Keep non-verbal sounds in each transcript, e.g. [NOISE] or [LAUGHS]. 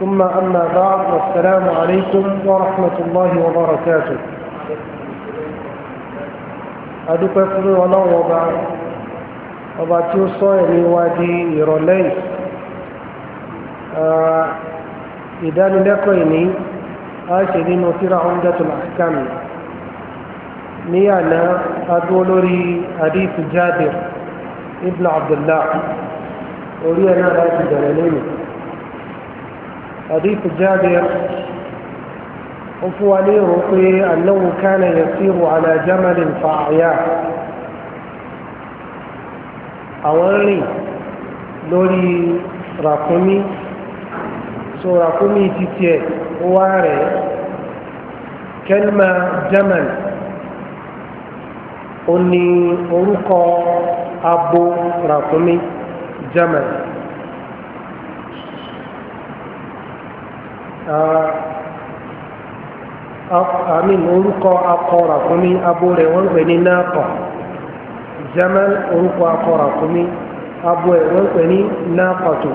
ثم أما بعد والسلام عليكم ورحمة الله وبركاته adúpẹ́ fún ọlọ́run ọba ọba tí ó sọ ẹ̀mí wa di ìrọ̀lẹ́ yìí ìdánilẹ́kọ̀ọ́ ìní a ṣe nínú tírà Umdatul Ahkam ní àná adúró lórí hadith Jabir ibn Abdullah orí ẹ̀ náà láti bẹ̀rẹ̀ lónìí حديث جابر وفواني رقي أنه كان يسير على جمل فأعياه أولي لوري رقمي سو رقمي تتيه واري كلمة جمل أني أرقى أبو رقمي جمل àmì orúkọ akọ ràkúnmí abo rẹ̀ wọ́n pè ní náàkọ̀ jamal orúkọ akọ ràkúnmí abo rẹ̀ wọ́n pè ní náàkọ̀tù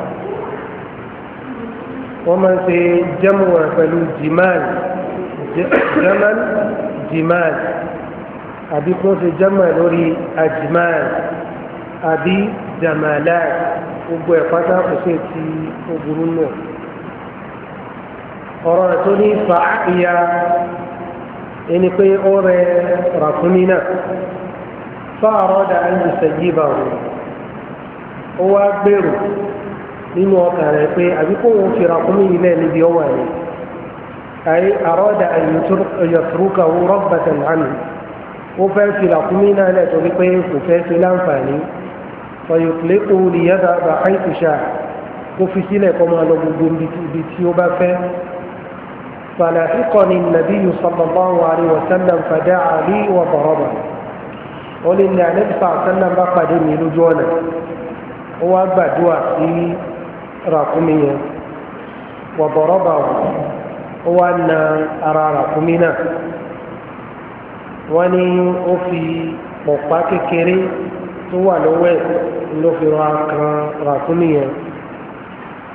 wọ́n máa ń ṣe jamu rẹ̀ pẹ̀lú jimal jamal àbí kó ṣe jama lórí ajimal àbí jamalat gbogbo ẹ̀ pátá kò ti ogun náà ọ̀rọ̀ rẹ̀ tó ní fa àìyá ẹni pé ó rẹ ràkúnmí náà fáàrọ̀ dà ń ṣèjì bá wọn ó wá gbèrò nínú ọkàn rẹ̀ pé àbí kó wọn fi ràkúnmí yìí lẹ́ẹ̀ níbi ọwọ́ rẹ̀ àyè àrọ́dà ẹ̀yọ̀túrúkà wọ́n rọ́bàtà lánà ó fẹ́ fi ràkúnmí náà lẹ̀ torí pé kò fẹ́ fi láǹfààní fọyọ̀tìlẹ́kọ̀ olùyẹ́dà bàáìtìṣà kó fi sílẹ̀ kọ́ máa lọ gbogbo ibi tí ó bá fẹ́. فلاحقني النبي صلى الله عليه وسلم فدعا لي وضربني ولن النبي صلى الله عليه وسلم بقى دمي لجونا هو بدوا في راقمية وضربه هو أن أرى راقمنا وني وفي مقاك كري هو لوي لو في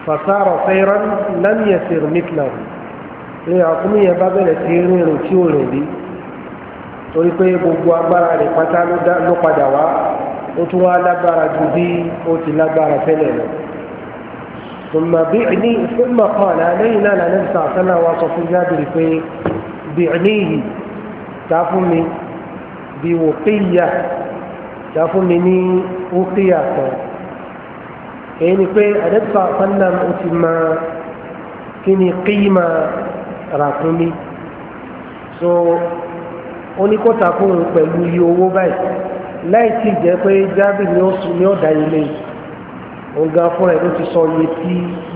فصار خيرا لم يسر مثله ní àkúmí yẹn bá bẹ̀rẹ̀ sí rírun tí ò rìn rí torí pé gbogbo agbára rẹ̀ pátá ló padà wá ó tún wá lágbára ju bí ó ti lágbára tẹ́lẹ̀ lọ. ثم بعني ثم قال علينا لا ننسى سنة وصف جابر في بعنيه تعرفوني بوقية تعرفوني ني وقية يعني في أنبقى سنة أتما كني قيمة ràkúnmí so oníkọ́takùn pẹ̀lú iye owó báyìí láì tí jẹ́ pé jábì ni ó sùn ní ọ̀dà ilé ọ̀gá fún ẹ̀ ló ti sọ iye tí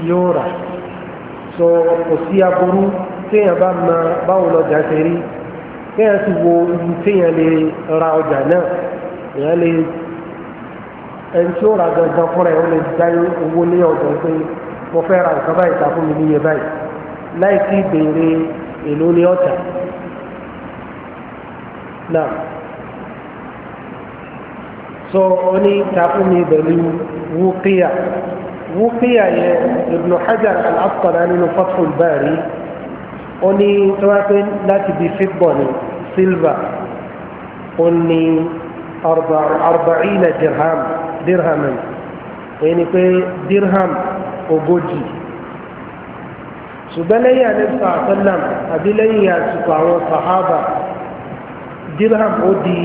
yóò rà so kò sí aburú téèyàn bá ma báwo lọ́jà ṣe rí téèyàn sì wo ibi téèyàn lè ra ọjà náà èèyàn lè ẹni tí ó ra gangan fúnra ẹ̀ ó lè dá owó lé ọ̀dọ̀ pé mo fẹ́ ra nǹkan báyìí ta fún mi níye báyìí láì sí ìbéèrè èlò ní ọ̀tà náà so oní takumi pẹ̀lú wúkíyà wúkíyà yẹn Ibn Hajar al-Asqalani nínú Fathul Bari ó ní tó wá pé láti bí fíbọ̀ ní silva ó ní arba'ina dirham dirham ẹni pé dirham ogójì ṣùgbọ́n lẹ́yìn àlẹ́sà àtẹ́lẹ̀m àbí lẹ́yìn àsìkò àwọn sàhábà dirham ó di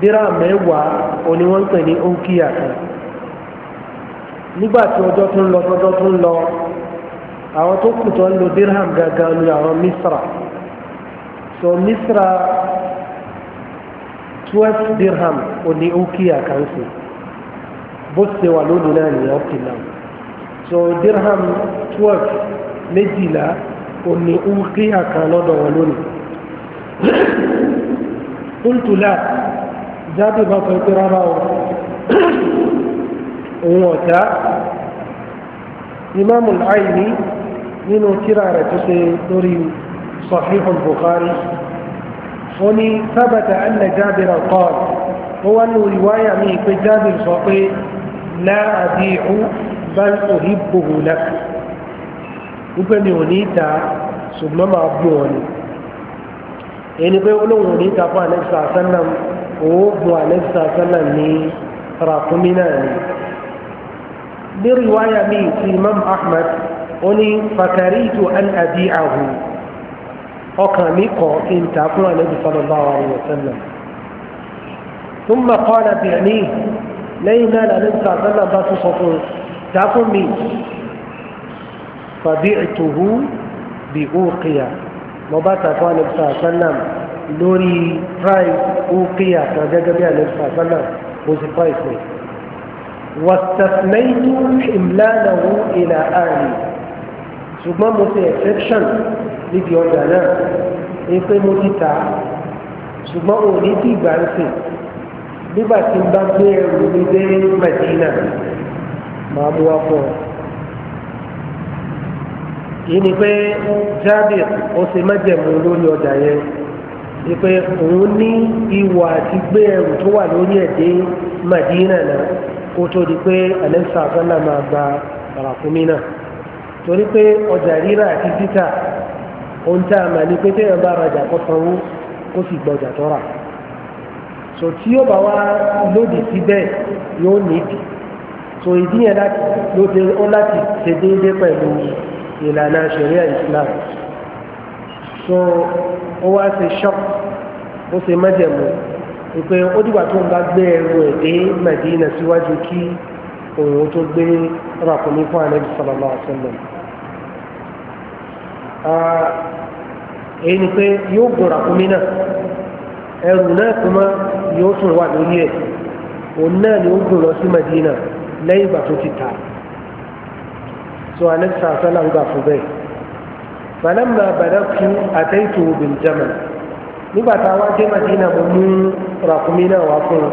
dirham mẹ́wàá òní wọ́n ń pè ní onkiya kan nígbà tí ọjọ́ tó ń lọ tọ́jọ́ tó ń lọ àwọn tó kù tó ń lo dirham gangan ni àwọn misra so misra twelve dirham òní onkiya kan sí bó ṣe wà lónìí náà nìyẹn ó ti náà so dirham twelve méjìlá òní ukiya kan lọ́dọ̀ wọn lónìí. kúntùlá jáde bá sọ pé rárá o òun ọ̀tá imaamu al-Ayni nínú tírà rẹ̀ tó ṣe lórí Sahih al-Bukhari ó ní sábàtà anna Jabir qala ó ní rìwáyà mi pé Jabir sọ pé la bal uhibbuhu lak wípé mi ò ní ta ṣùgbọ́n máa bù wọn ni ẹni pé olóhùn ò ní ta fún alexa sallam òun bù alexa sallam ní ràkúnmí náà ni. bí riwaya mi ti imam ahmad ó ní fakaritu an abi'ahu ọkàn mi kọ̀ kí n ta fún alexa sallallahu alayhi wa sallam. ثم قال بعنيه لينا لنسى صلى الله عليه وسلم tà fún mi fàbí ìtòhú bí òkèyà mo bá tà fún alẹ́bùsà sálàm lórí price òkèyà kan gẹ́gẹ́ bí alẹ́bùsà sálàm bó ti price rẹ̀ wàtàfẹ́yìntì ìmìlánàwó ìlà àárín ṣùgbọ́n mo ti exception níbi ọjà náà ní pé mo ti tà ṣùgbọ́n òní ti gbà ń sìn nígbà tí n bá gbé ẹrù mi dé Madina. máa mú wá fún ni pé Jabir ó ṣe májẹ̀mú lórí ọjà yẹn ni pé òun ní ìwà àti gbé ẹrù tó wà lórí ẹ̀dẹ́ Madina náà kó tó di pé alẹ́sà sọ́nà máa gba ràkúnmí náà torí pé ọjà rírà àti títà ohun tá a mà ní pé téèyàn bá rajà kó sanwó kó sì gbọjà tí yóò bá wá so ìdí yẹn láti ló dé ó láti ṣe déédéé pẹ̀lú ìlànà ṣẹ̀ríà Islam so ó wá ṣe ṣọ́ọ̀kì ó ṣe mẹ́jẹ̀mú pé ó dìgbà tó ń bá gbé ẹrù ẹ̀ dé Mẹ̀dínà síwájú kí òun tó gbé ràkúnmí fún Ànábì sallallahu alaihi wasallam èyí ni pé yóò gùn ràkúnmí náà ẹrù náà tó mọ́ yóò tún wà lórí ẹ̀ òun náà ni ó gùn lọ sí Mẹ̀dínà lẹ́yìn ìgbà tó ti tà so anẹ́sà sálà ń gbà fún bẹ́ẹ̀ falamma balagtu ataitu bil jamal nígbà tá a wá dé madina mo mú ràkúnmí náà wá fún un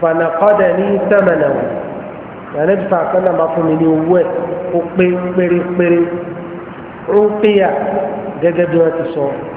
fanakọ́dà ní sẹ́mẹ̀nà wọn ànábì sàkánná máa fún mi ní owó ẹ̀ ó pé pérépéré ó ń pèyà gẹ́gẹ́ bí wọ́n ti sọ. So.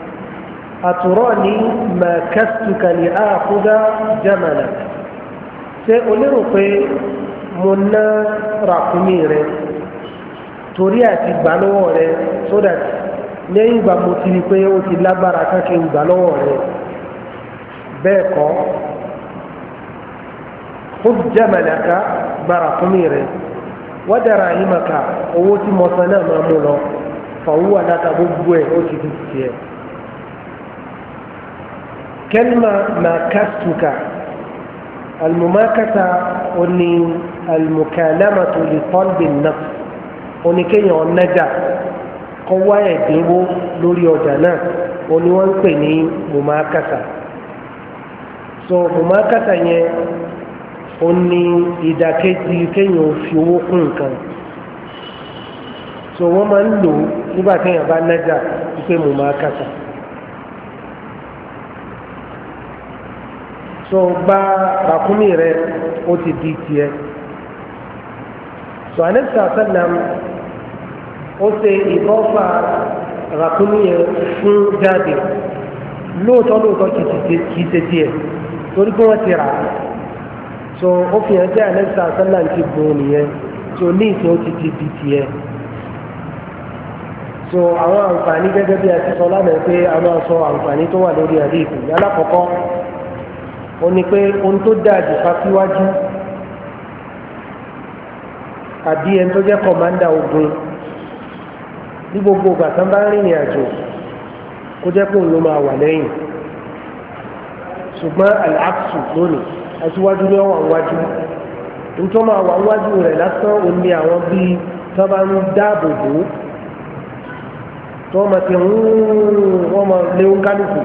àtúrọ́ọ̀ni màkàtúkàlì àkúdá jamala ṣé o lérò pé mo ná ràkúnmí rẹ torí àti gbà lọ́wọ́ rẹ so that lẹ́yìn ìgbà mo ti rí pé ó ti lágbára kákẹ́ ìgbà lọ́wọ́ rẹ bẹ́ẹ̀ kọ́ khud jamalaka gba ràkúnmí rẹ wádàrà yìí màkà owó tí mo san náà máa mú lọ fàwúwà láta ẹ̀ ó ti di tiẹ̀. كلمة ماكستك المماكسة أني المكالمة لطلب النفس أني كي ينجا قوة يديبو لوري أجانا أني وانقني مماكسة so mọ̀mákàtà yẹn ó ní ìdàkejì kéèyàn fi owó kún nǹkan so wọ́n máa ń lò nígbà téèyàn bá nájà wípé mọ̀mákàtà. So bá ràkúnmí rẹ̀ ó ti di tiẹ̀ sọ anẹ́sà sẹ́lẹ̀m ó ṣe ìbọ́fà ràkúnmí yẹn fún jáde lóòótọ́ lóòótọ́ kì í ṣe torí pé wọ́n ti rà so ó fi hàn pé anẹ́sà sẹ́lẹ̀m ti bò nìyẹn tó ní ìsìn ó ti di di so àwọn àǹfààní gẹ́gẹ́ bí a ti sọ lánàá pé a máa sọ àǹfààní tó wà lórí àdéhùn alákọ̀ọ́kọ́ ó ní pé ohun tó dáa jù fásiwájú àbí ẹni tó jẹ́ kọ̀mándà ogun ní gbogbo ìgbà tán bá rìnrìn àjò kó jẹ́ pé òun ló máa wà lẹ́yìn ṣùgbọ́n àlàáfù lónìí aṣíwájú ni wọ́n wà wájú nítorí máa wà wájú rẹ̀ lásán òun ni àwọn bíi tó bá ń dáàbò bò tó máa ti ń wọ́n máa léwu kálukú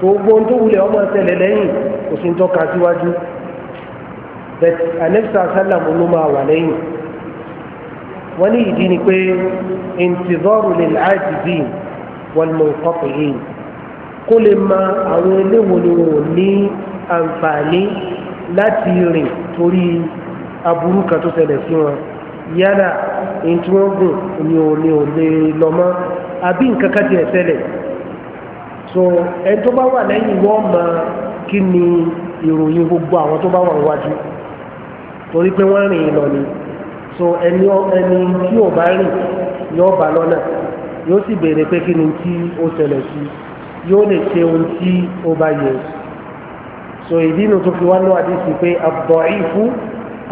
so gbogbo tó wulẹ̀ ọmọ ṣẹlẹ̀ lẹ́yìn òsùn tó ka síwájú bẹ́t anẹ́fisà sálàmù ló máa wà lẹ́yìn wọ́n ní ìdí ni pé ìntìzọ́rù lè láàjì bí wọ́n mọ ìkọ́pù yìí kó lè ma àwọn eléwo ni wọn ò ní àǹfààní láti rìn torí aburú kan tó ṣẹlẹ̀ sí wọn yálà ìtúwọ́gùn ni ò ní ò lè lọ mọ́ àbí nǹkan kan ti ẹ̀ ṣẹlẹ̀ so ẹni tó bá wà lẹ́yìn wọ́n mọ kí ni ìròyìn gbogbo àwọn tó bá wà níwájú torí pé wọ́n rìn lọ ni so ẹni ẹni tí ò bá rìn yóò bá lọ́nà yóò sì béèrè pé kí ni tí ó ṣẹlẹ̀ sí yóò lè ṣe ohun tí ó bá yẹ so ìdí inú tó fi wá lọ́wọ́ àdìsí pé ad-da'ifu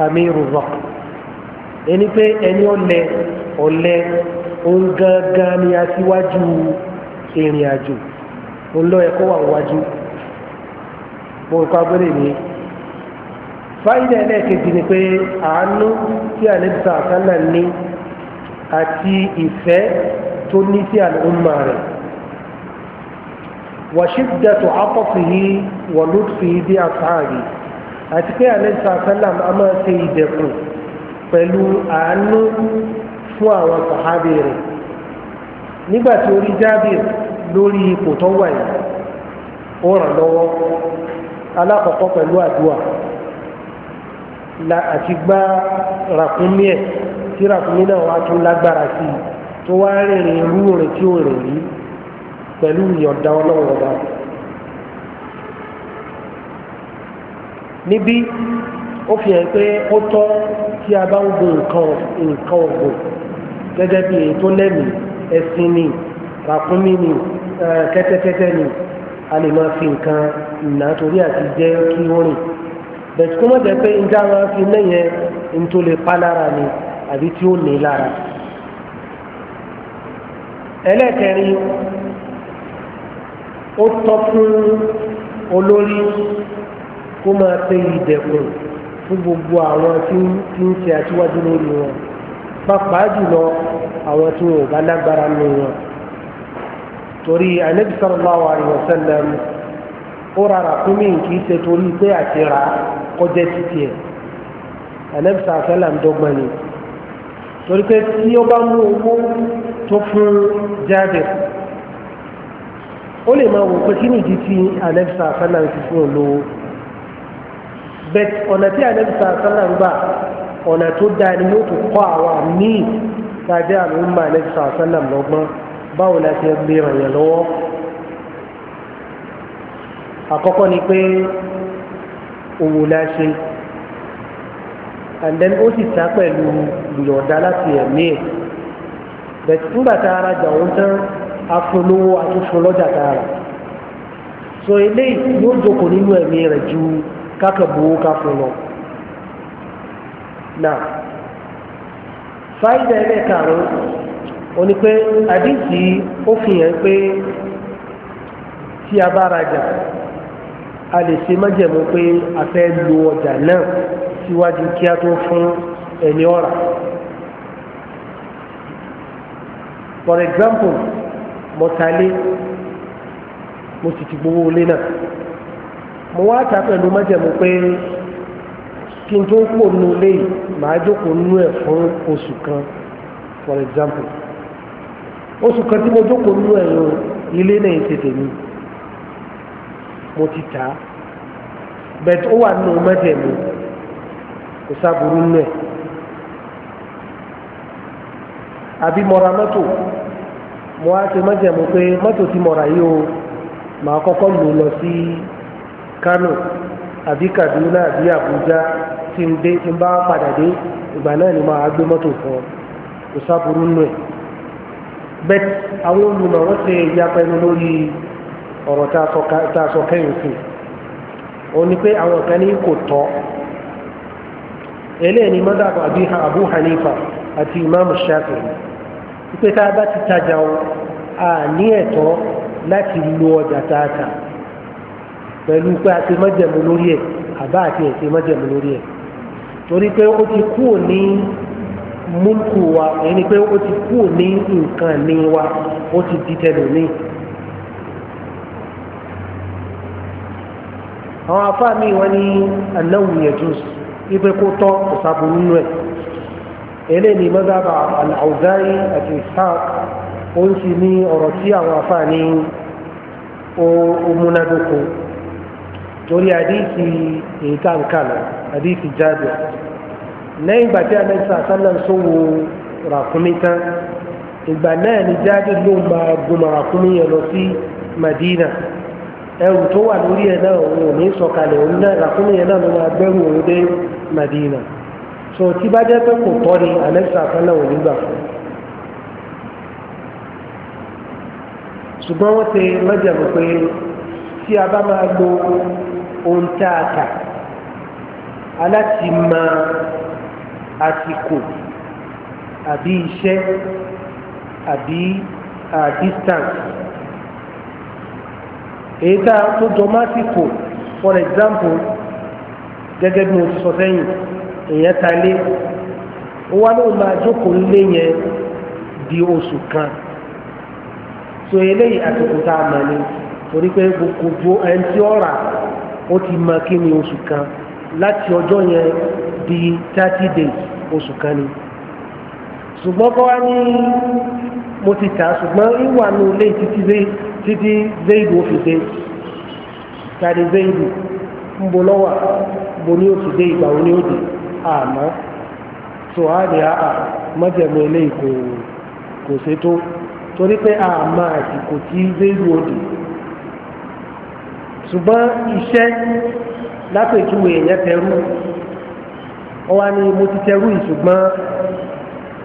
amiru dhaq ẹni pé ẹni ọ̀lẹ ọ̀lẹ òun gangan ni aṣíwájú ìrìn àjò olóò ẹ̀kọ́ wà wájú mo kọ́ agbẹ́rẹ́ mi. fáyidà ẹlẹ́ẹ̀kejì ni pé àánú tí àlẹ́bíṣà àkàlà ní àti ìfẹ́ tó ní sí àlùmọ́ rẹ̀ wàṣídẹ̀tò àkọ́fìhí wọ̀lúfìhí bí àtàrí àti pé àlẹ́bíṣà àkàlà a máa ṣe ìdẹ̀kùn pẹ̀lú àánú fún àwọn sàhábì rẹ̀ nígbà tí orí jábìrì lórí ipò tó wà yìí ó ràn lọ́wọ́ alákọ̀ọ́kọ́ pẹ̀lú àdúrà àti gbá ràkúnmí ẹ̀ tí ràkúnmí náà wá tún lágbára sí i tó wá rìnrìn irú rẹ̀ tí ó rìn rí pẹ̀lú ìyọ̀ǹda ọlọ́run níbí ó fi hàn pé ó tọ́ tí a bá ń gun nǹkan ọ̀gbìn gẹ́gẹ́ bí èyí tó lẹ́mìí ẹ̀sìn nìyí ràkúnmí ni kẹ́tẹ́kẹ́tẹ́ ni a lè máa fi nǹkan ìnà torí àti jẹ́ kí wọ́n rìn bẹ̀tù kó mọ̀ jẹ́ pé njẹ́ àwọn afi lẹ́yìn ntòlè pálára ni àbí tí ó ní lára ẹlẹ́kẹ̀rin ó tọ́ fún olórí kó máa pe ìdẹ̀kùn fún gbogbo àwọn tí ń ṣe aṣíwájú lórí wọn pàápàá jùlọ àwọn tí wọn ò bá lágbára lórí wọn torí anabi sallallahu alayhi wa sallam ó rárá fún mi kì í ṣe torí pé àti rà kọjá títí ẹ̀ anabi sallallahu alayhi wa sallam dọ́gba ni torí pé tí ó bá mú owó tó fún jáde ó lè máa wò pé kí nìdí tí anabi sallallahu alayhi wa sallam ti fún un lówó ọ̀nà tí anabi sallallahu alayhi wa sallam gbà ọ̀nà tó dáa ni yóò tún kọ́ àwa míì tàbí àlùmọ́ anabi sallallahu alayhi wa sallam lọ́gbọ́n báwo la ṣe gbé ràn yàn lọ́wọ́ àkọ́kọ́ ni pé òwò la ṣe and then ó sì ta pẹ̀lú ìyọ̀ǹda láti ẹ̀mí ẹ̀ bẹ̀t nígbà tá a rajà òun tán afúnlówó atúnfún lọ́jà tá a rà so eléyìí yóò jókòó nínú ẹ̀mí rẹ̀ ju kákàbówó káfún lọ. náà fáìdà ẹlẹ́ẹ̀karùn-ún Oni ní pé àdìsí ó fi hàn pé tí a bá rajà a lè ṣe májẹ̀mú pé a fẹ́ lo ọjà náà síwájú kí a tó fún ẹni ọ̀rà. for example mo ta lé mo sì ti gbowó lé náà mo wá ta pẹ̀lú májẹ̀mú pé kí n tó pò nínú lé màá jókòó nínú ẹ̀ fún oṣù kan for example oṣù kan tí mo jókòó nínú ẹ̀yọ ilé náà ṣe tèmi mo ti tà á bẹ̀t ó wà nínú mẹ́tẹ̀ẹ̀mí kò sábúrú nínú ẹ̀ àbí mo ra mọ́tò mo á ṣe mẹ́tẹ̀ẹ̀mí pé mọ́tò tí mo yìí o màá kọ́kọ́ lò lọ sí Kánò àbí Kaduna àbí Àbújá tí n bá padà dé ìgbà náà ni màá gbé mọ́tò fún ọ kò sábúrú nínú bẹ́t àwọn olùmọ̀ wọ́n ṣe ìyapa ẹnu lórí ọ̀rọ̀ tá a sọ kẹ́yìn sí o ní pé àwọn kan ní kò tọ́ eléyìí ni mọ́dàbọ̀ Abu Hanifa àti Imam Shafi'i pé tá a bá ti tajà o a ní ẹ̀tọ́ láti lo ọjà tààtà pẹ̀lú pé a ti mọ́jẹ̀mú lórí ẹ̀ àbá àti ẹ̀ ti mọ́jẹ̀mú lórí ẹ̀ torí pé ó ti kúrò ní múlùkù wa ẹni pé ó ti kú ní nǹkan ní wa ó ti di tẹlòmíì. àwọn afáàmì wọn ní anáwó yẹjús ipe kó tọ́ kò sábòrò nínú ẹ̀ eléyìí ni mọ́sábà al-Awza'i àti Ishaq ó ń sì ní ọ̀rọ̀ tí àwọn afáàní ó múnádóko torí àdìsí èyí tá n kà lọ àdìsí jáde lẹ́yìn ìgbà tí anẹ́sà sálẹ̀ ń sòwò ràkúnmí tán ìgbà náà ni jáde ló máa gun ràkúnmí yẹn lọ sí Madina ẹrù tó wà lórí ẹ̀ náà òun ò ní sọ̀kalẹ̀ òun náà ràkúnmí yẹn náà ló máa gbẹ́rù òun dé Madina so tí bá jẹ́ pé kò tọ́ ni anẹ́sà sálẹ̀ ò ní gbà fún un. ṣùgbọ́n wọ́n ṣe lọ́jàbọ̀ pé tí a bá máa lo ohun tá a kà aláti máa àsìkò àbí iṣẹ́ àbí distance èyí tá a tó jọ másìkò for example gẹ́gẹ́ bí mo ti sọ sẹ́yìn èèyàn ta lé ó wá lóun máa jókòó lé yẹn di oṣù kan so eléyìí àsìkò tá a mọ̀ ni torí pé gbogbo ẹni tí ó rà ó ti mọ kí ni oṣù kan láti ọjọ́ yẹn di thirty days oṣù kan ni ṣùgbọ́n ní mo ti tà ṣùgbọ́n ìwà nù lé títí títí zéèdù ó fi dé tàbí ń bo bo dé ìgbà wo a ní àà mọ́jẹ̀mú eléyìí kò kò ṣe tó torí pé àmọ́ àsìkò tí zéèdù ó dé ṣùgbọ́n iṣẹ́ èèyàn wọ́n wá ní mo ti tẹrú ìṣùgbọ́n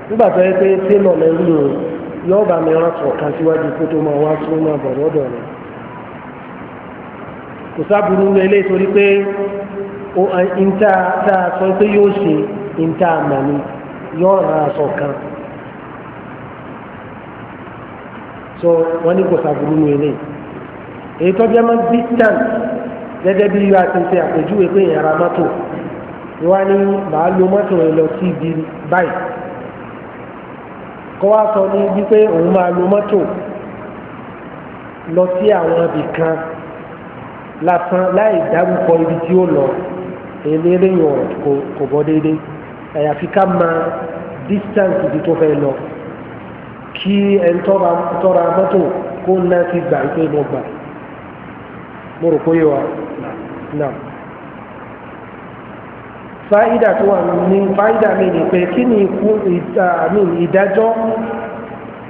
nígbà tó yẹ pé tẹ́lọ̀ lẹ́rú o yóò bá mi rántọ̀ kan síwájú kó tó máa wá tó máa bọ̀ lọ́dọ̀ rẹ̀ kò sábùrú lélẹ́ torí pé ìta tá a sọ pé yóò ṣe ìta àmà ni yóò ra aṣọ kan so wọ́n ní kò sábùrú lélẹ́ èyí tó jẹ́ mọ́ distance gẹ́gẹ́ bí yóò àti ṣe àpèjúwe pé ìyàrá mọ́tò wá ní màá lo mọ́tò rẹ lọ sí ibi báyìí kọ́ wá sọ ní wípé òun máa lo mọ́tò lọ sí àwọn ibì kan lásán láì dárúkọ ibi tí ó lọ eléyìn ọ̀rọ̀ kò bọ́ déédéé àyàfi ká máa distance ibi tó fẹ́ lọ kí ẹni tọ́ra mọ́tò kó náà ti gbà pé mo gbà mo rò pé yóò wá náà fáìdà tó wà ní fáìdà mi ni pé kí ni ikú ìdájọ́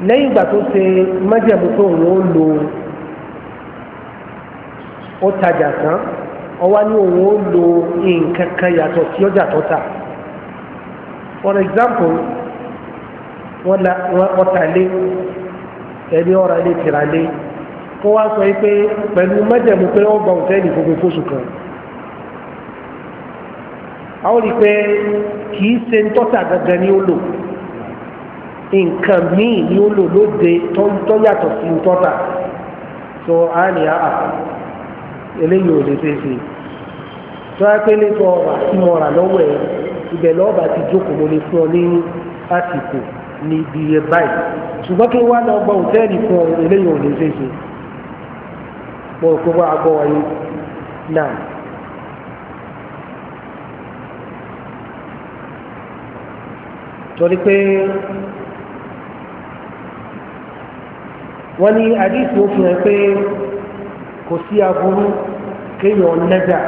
lẹ́yìn ìgbà tó ṣe májẹ̀mú tó òun ó lo ó tajà tán ó wá ní òun ó lo nǹkan kan yàtọ̀ sí ọjà tó tà for example wọ́n ọ̀tàlé ẹni ọ̀rọ̀ ilé tìralé kó wá sọ pé pẹ̀lú májẹ̀mú pé ó gba òtẹ́ẹ̀lì gbogbo fóṣù kan àwọn rí i pé kì í ṣe tọ́tà gangan ni ó lò nǹkan míì ni ó lò lóde tó yàtọ̀ sí tọ́tà tó a ní àhà eléyìí ò lè ṣeé ṣe tó a pé lẹ́tọ̀ ọ̀rọ̀ àti mọ̀ra lọ́wọ́ ẹ̀ ibẹ̀ lọ́ọ̀bà ti jókòó mo lè fún ọ ní àsìkò ní ibi iye báyìí ṣùgbọ́n kí wọ́n á lọ gba òtẹ́ẹ̀lì fún ọ eléyìí ò lè ṣeé mo rò pé wọ́n á gbọ́ wáyé náà. torí pé wọ́n ní àdìsí ó fi hàn pé kò sí aburú kéèyàn nẹ́gà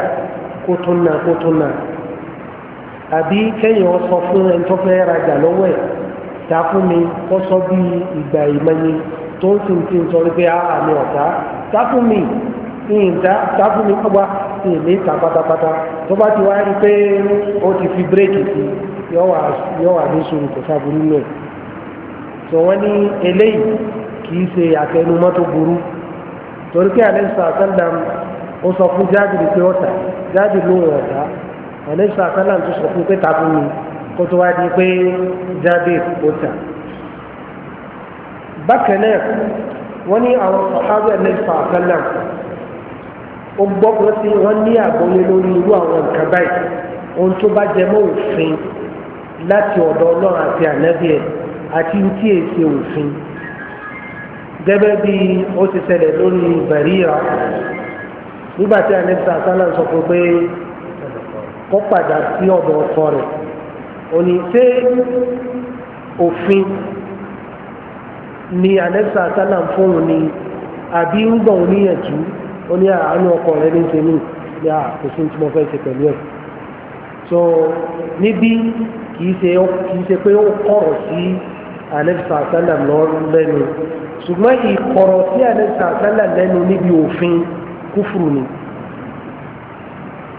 kó tó nà kó tó nà àbí kéèyàn sọ fún ẹni tó fẹ́ rajà lọ́wọ́ ẹ̀ ta fún mi kó sọ bí ìgbà ìmọ̀nyí tó ń sìn tí ń sọ pé àmì ọ̀tá ta fún mi ìyìn ta fún mi ọgbà ìyìn mi ta pátápátá tó bá ti wá pé ó ti fi bírèkì sí i yọ́wà ní sùúrù kò sáburú lẹ̀ tó wọ́n ní eléyìí kì í ṣe àtẹnumọ́ tó burú torí pé àlẹ́sà àtàndàm ó sọ fún jáàbìrì pé ọ̀tà jáàbìrì ló ń ọ̀tá àlẹ́sà àtàndàm tó sọ fún pé tàbí mi kó tó wá di pé jáàbìrì ó tà. bákan náà wọ́n ní àwọn sàhábì àlẹ́sà àtàndàm ó gbọ́ pé wọ́n ní àgbọ́yé lórí irú àwọn nǹkan báyìí ohun tó bá jẹ mọ́ òfin láti ọ̀dọ̀ ọlọ́run àti ànábì ẹ̀ àti tí è ṣe òfin gẹ́gẹ́ bí ó ti ṣẹlẹ̀ lórí bàríyà nígbà tí ànábì sàkálà sọ fún pé kó padà sí ọ̀dọ̀ ọkọ rẹ̀ òní ṣé òfin ni ànábì sàkálà fóun ni àbí ń gbọ̀n níyànjú ó ní àánú ọkọ rẹ̀ ní ṣe ní ìyá kò sí tí mo fẹ́ ṣe pẹ̀lú ẹ̀ so níbí kìí ṣe pé ó kọ̀rọ̀ sí anẹ́bísà sálàm lẹ́nu ṣùgbọ́n ìkọ̀rọ̀ sí anẹ́bísà sálàm lẹ́nu níbi òfin kúfùrù ni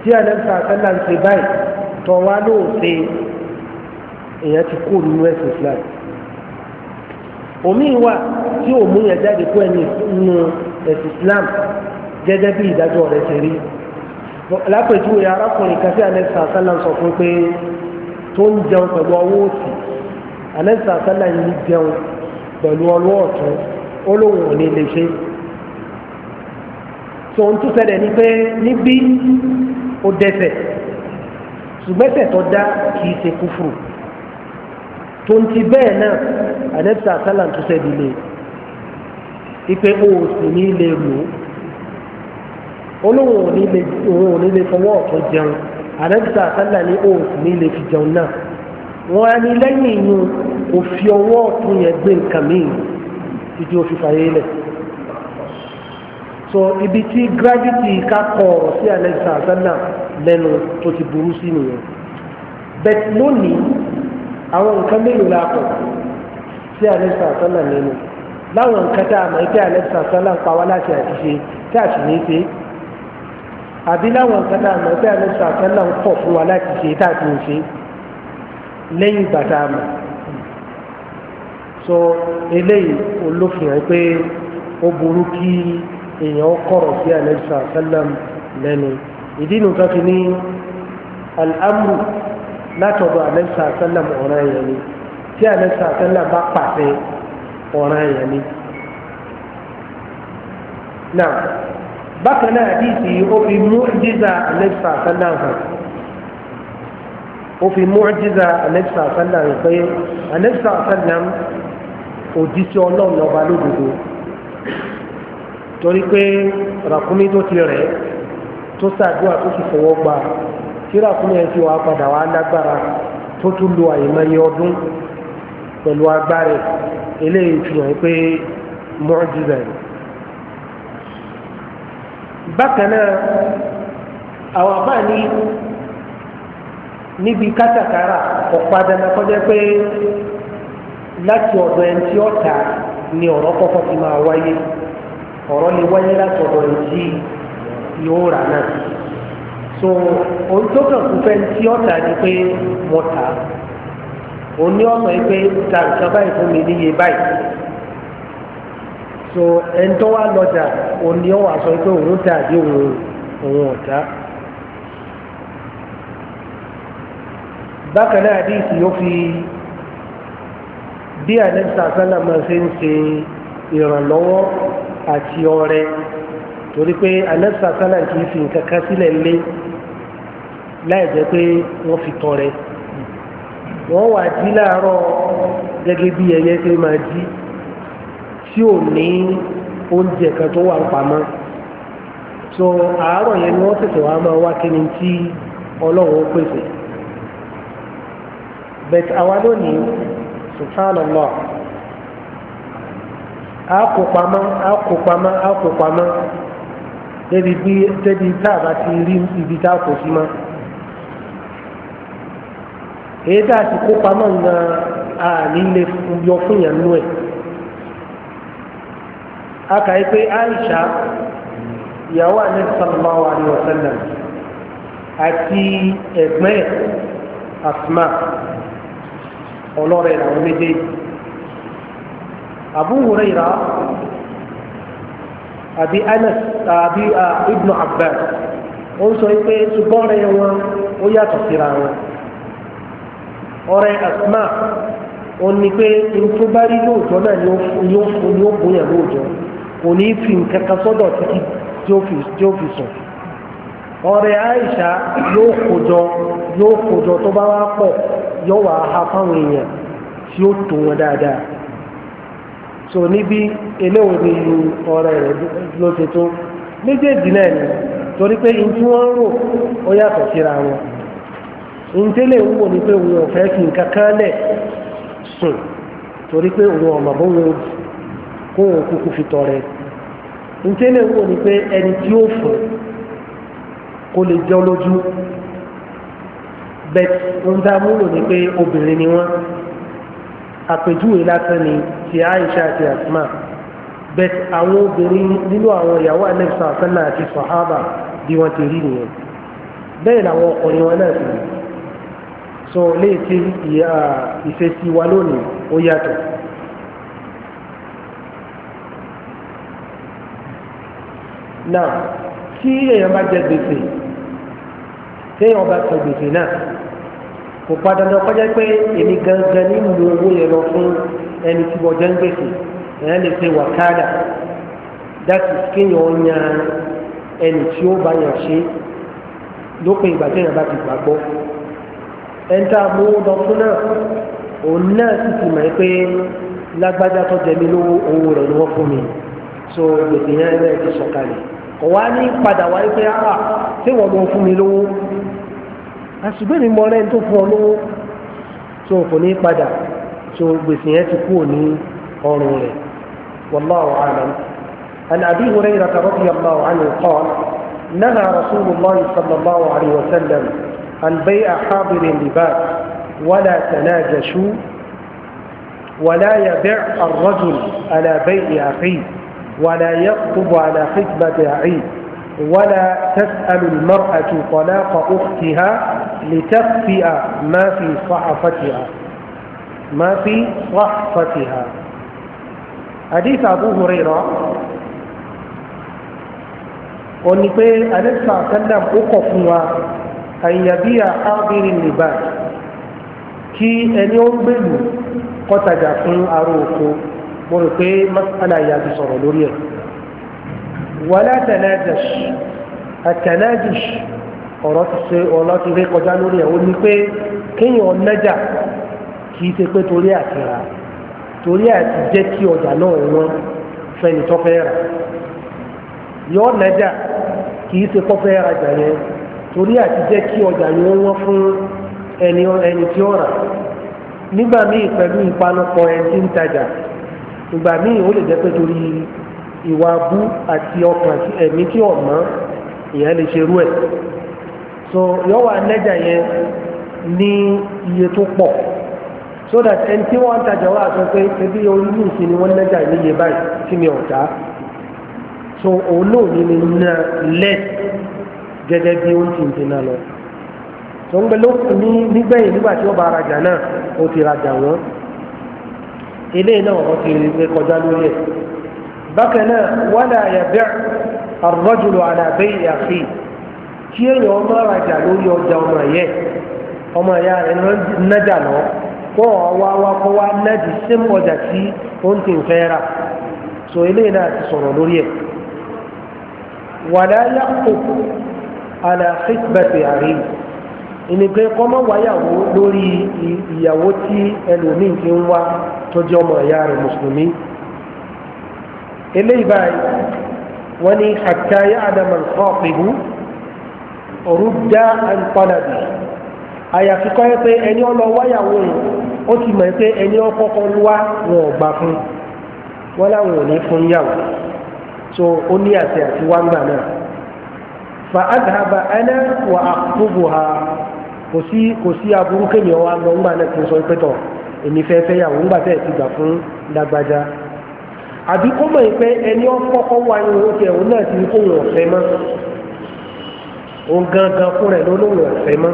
tí anẹ́bísà sálàm ṣe báyìí tọ́ wá lóòṣe èèyàn ti kó nínú ẹ̀sìn Islam omi wa tí ò mú yẹn jáde kó ẹni nínú ẹ̀sìn Islam gẹ́gẹ́ bí ìdájọ́ rẹ̀ ṣe rí lápèjúwe arákùnrin kan sí anẹ́bísà sálàm sọ fún pé tó ń jẹun pẹ̀lú ọwọ́ òsì anẹ́sà sálà yìí jẹun pẹ̀lú ọwọ́ ọ̀tún ó lóun ò ní lè ṣe tó ń tún ṣẹlẹ̀ ni pé níbí ó dẹ́ṣẹ̀ ṣùgbẹ́sẹ̀ tó dá kì í ṣe kúfùrù tó ń ti bẹ́ẹ̀ náà anẹ́sà sálà tún ṣẹlẹ̀ lè ipe òsì ní lè lò ó lóun ò ní lè fọwọ́ ọ̀tún jẹun àdẹ́bìtà àtàlà ní oòt ní ilé fi jẹun náà wọ́n á ní lẹ́yìn inú kò ọwọ́ ọ̀tún yẹn gbé nǹkan míì títí ó fi fàyè lẹ̀ so ibi tí gravity ká kọ ọ̀rọ̀ sí àdẹ́bìtà àtàlà lẹ́nu tó ti burú sí nìyẹn bẹ́ẹ̀ lónìí àwọn nǹkan mélòó la kọ̀ sí àdẹ́bìtà àtàlà lẹ́nu láwọn nǹkan tá a mọ̀ ẹ́ pé àdẹ́bìtà àtàlà ń pa wá láti àtiṣe tá a sì ní í ṣe é àbí láwọn nǹkan tá a mọ̀ pé àlọ́ sọ àkànlá ń pọ̀ fún wa láti ṣe tá a ti ń ṣe lẹ́yìn ìgbà tá a mọ̀ so eléyìí olófin hàn pé ó burú kí èèyàn kọ̀rọ̀ sí àlẹ́sọ àkànlá lẹ́nu ìdí nu kan fi ní alámù látọ̀dọ̀ àlẹ́sọ àkànlá ọ̀ràn yẹn ni tí àlẹ́sọ àkànlá bá pàṣẹ ọ̀ràn yẹn ni. náà bákan náà àdìsí ó fi mu'jiza anẹ́bísà sálà hàn ó fi mu'jiza anẹ́bísà sálà hàn pé anẹ́bísà sálà òjíṣẹ́ ọlọ́run lọ́ba lódodo torí pé ràkúnmí tó ti rẹ̀ tó ṣàdúrà tó ti fọwọ́ gbà tí ràkúnmí ẹ̀ ti wà padà wà lágbára tó tún lo àyèmáyé ọdún pẹ̀lú agbára eléyìí fi hàn pé mu'jiza yìí. bákan náà àwọn àbáàní níbi kátàkárà ọ̀pá dandan kọjá pé láti ọ̀dọ̀ ẹni tí ó ta ni ọ̀rọ̀ kọ́kọ́ ti máa wáyé ọ̀rọ̀ lè wáyé láti ọ̀dọ̀ ẹni tí yóò rà náà so ohun tó kàn fẹ́ tí ta ni pé mo ta òun ní ọ̀sán yìí pé ta so ẹni tó wá lọ́jà òun ni ó wà sọ pé òun tà bí òun òun ọ̀tá. bákan náà àdìsí yóò fi bí àdìsí àsálà ṣe ń ṣe ìrànlọ́wọ́ àti ọrẹ torí pé kì í fi nǹkan kan sílẹ̀ lé láì jẹ́ pé wọ́n fi tọrẹ wọ́n wà láàárọ̀ gẹ́gẹ́ bí ẹyẹ tí ò ní oúnjẹ kan tó wà pamọ́ so àárọ̀ yẹn ni wọ́n tètè wá máa wá kíni tí ọlọ́run pèsè bẹ̀t àwa lónìí a kò pamọ́ a kò pamọ́ a kò ti rí ibi tá a kò sí mọ́ èyí tá a ti kó pamọ́ nǹkan a aka yi pé aisha ìyàwó anabi sallallahu alayhi wa sallam àti ẹ̀gbọ́n asma ọlọ́rẹ̀ làwọn méjèèjì abu huraira àbí anas àbí ibnu abbas ó ń sọ pé ṣùgbọ́n rẹ̀ wọn ó yàtọ̀ síra wọn ọ̀rẹ́ asma ó ní pé ntúbárí lóòjọ́ náà ni ó bóyá lóòjọ́. kò ní fi nǹkan kan sọ́dọ̀ títí tí ó fi sùn ọ̀rẹ́ Aisha yóò kójọ yóò kójọ tó bá wá pọ̀ yóò wá ha fáwọn èèyàn tí ó tó wọn dáadáa so níbi eléwo ni ọ̀rẹ́ rẹ̀ ló ṣe tó méjèèjì náà ni torí pé ní tí wọ́n rò ó yàtọ̀ síra wọn ní ń wò ni pé òun ò fẹ́ fi nǹkan kan lẹ̀ sùn torí kó o kúkú fi tọrẹ ntẹ́lẹ̀ wò ni pé ẹni tí ó fún kó lè jẹ́ lójú bẹ́ẹ̀ ń múlò ni pé obìnrin ni wọ́n àpèjúwe lásán ni ti Aisha àti Asma bẹ́ẹ̀ àwọn obìnrin nínú àwọn ìyàwó anẹ́fisà àtàlà àti sọ̀hábà bí wọ́n ti rí nìyẹn bẹ́ẹ̀ làwọn ọkùnrin wọn náà sì rí so léèké ìṣesí wa lónìí ó yàtọ̀. náà tí èèyàn bá jẹ gbèsè téèyàn bá san gbèsè náà kò padà lọ kọjá pé èmi gangan nínú owó yẹn lọ fún ẹni tí wọ́n jẹ́ ń gbèsè èèyàn lè ṣe wàkádà dátì kéèyàn yan ẹni tí ó bá yàn ṣe lópin ìgbà téèyàn bá ti gbàgbọ́ ẹnta mowó lọ fún náà òun náà sì ti mọ̀ pé lágbájá tó jẹ mí lówó owó rẹ̀ ni fún mi so gbèsè yẹn rẹ̀ ti sọ̀kalẹ̀ kò wá ní padà wáyé pé áà ah, tí wọ́n lọ fún mi lówó àṣùgbọ́n ni mo rẹ́ tó fún ọ lówó tó kò ní padà tó gbèsè yẹn ti kúrò ní ọrùn rẹ̀ wallahu a'lam. عن هريرة رضي الله عنه قال نهى رسول الله صلى الله عليه وسلم عن بيع حاضر لباس ولا تناجشوا ولا يبع الرجل على بيع أخيه ولا يخطب على خطبة عيد ولا تسأل المرأة طلاق أختها لتخفي ما في صحفتها ما في صحفتها حديث أبو هريرة oni pé alẹ́sà sẹ́lẹ̀m ó kọ̀ fún wa àyàbí àábìrin nìbà kí ẹni ó gbèlú mo rò pé masala yà ti sọ̀rọ̀ lórí ẹ̀ wàlá tanajash àtanajash ọ̀rọ̀ ti ṣe ọ̀rọ̀ ti rí kọjá lórí ẹ̀ ó ní pé kéèyàn nájà kì í ṣe pé torí àtìrà torí àti jẹ́ kí ọjà náà wọ́n fẹ́ni tó fẹ́ rà yọ nájà kì í ṣe kó fẹ́ rajà yẹn torí àti jẹ́ kí ọjà yẹn wọ́n fún ẹni tí ó rà nígbà míì pẹ̀lú ìpanupọ̀ ẹni tí ń tajà ìgbà míì ó lè jẹ́ pé torí ìwà abú àti ọkàn ẹ̀mí tí ọ̀mọ́ ìyẹn lè ṣe rú ẹ̀ so yọ wà lẹ́jà yẹn ní iye tó pọ̀ so that ẹni tí wọ́n ń tajà wá sọ pé ebi orí ní ìsinmi wọ́n lẹ́jà ní iye báyìí tí mi ò dá so òun náà ní mi ná less gẹ́gẹ́ bí ó ń tì tì náà lọ so ń gbẹ ló ní nígbẹ̀yìn nígbà tí ó bá rajà náà ó ti rajà wọ́n eléyìí náà wọ́n ti rí pé kọjá lórí ẹ̀ bákan náà wala yabi' ar-rajulu ala bay'i akhi kí èèyàn máa rajà lórí ọjà ọmọ ẹ̀yẹ ọmọ ẹ̀yà ẹ̀rọ nájà lọ kó ọwọ́ wa kó wa nájì sínú ọjà tí ó ń tì ń fẹ́ rà so eléyìí náà ti sọ̀rọ̀ lórí ẹ̀ wala yaqtu ala khitbati àríyìn ìnìkan kọ́mọ wáyàwó lórí ìyàwó tí ẹlòmíì ti ń wá tọ́jú ọmọ ìyá rẹ̀ mùsùlùmí eléyìí báyìí wọ́n ní hatta ya'lam al-khatibu rudda an talabi àyàfi kọ́ ẹ pé ẹni ọlọ wáyàwó yìí ó ti mọ̀ pé ẹni ọkọ̀ọ̀kọ̀ wá wọn ò gbà fún wọn láwọn ò ní fún yàwó so ó ní àti àti wá ń gbà náà fa adhaba ana wa aqtubuha kò sí kò sí aburú kémi ọwọ́ àlọ́ ńgbà náà kí n sọ pé tọ̀ èmi fẹ́ fẹ́ yàwó ńgbà tẹ̀ ti gbà fún lágbájá àbí kó mọ̀ pé ẹni ọkọ̀ wá ní oúnjẹ tiẹ̀ náà ti ní kóhun ọ̀fẹ́ mọ́ òun gangan fún rẹ̀ lólóhùn ọ̀fẹ́ mọ́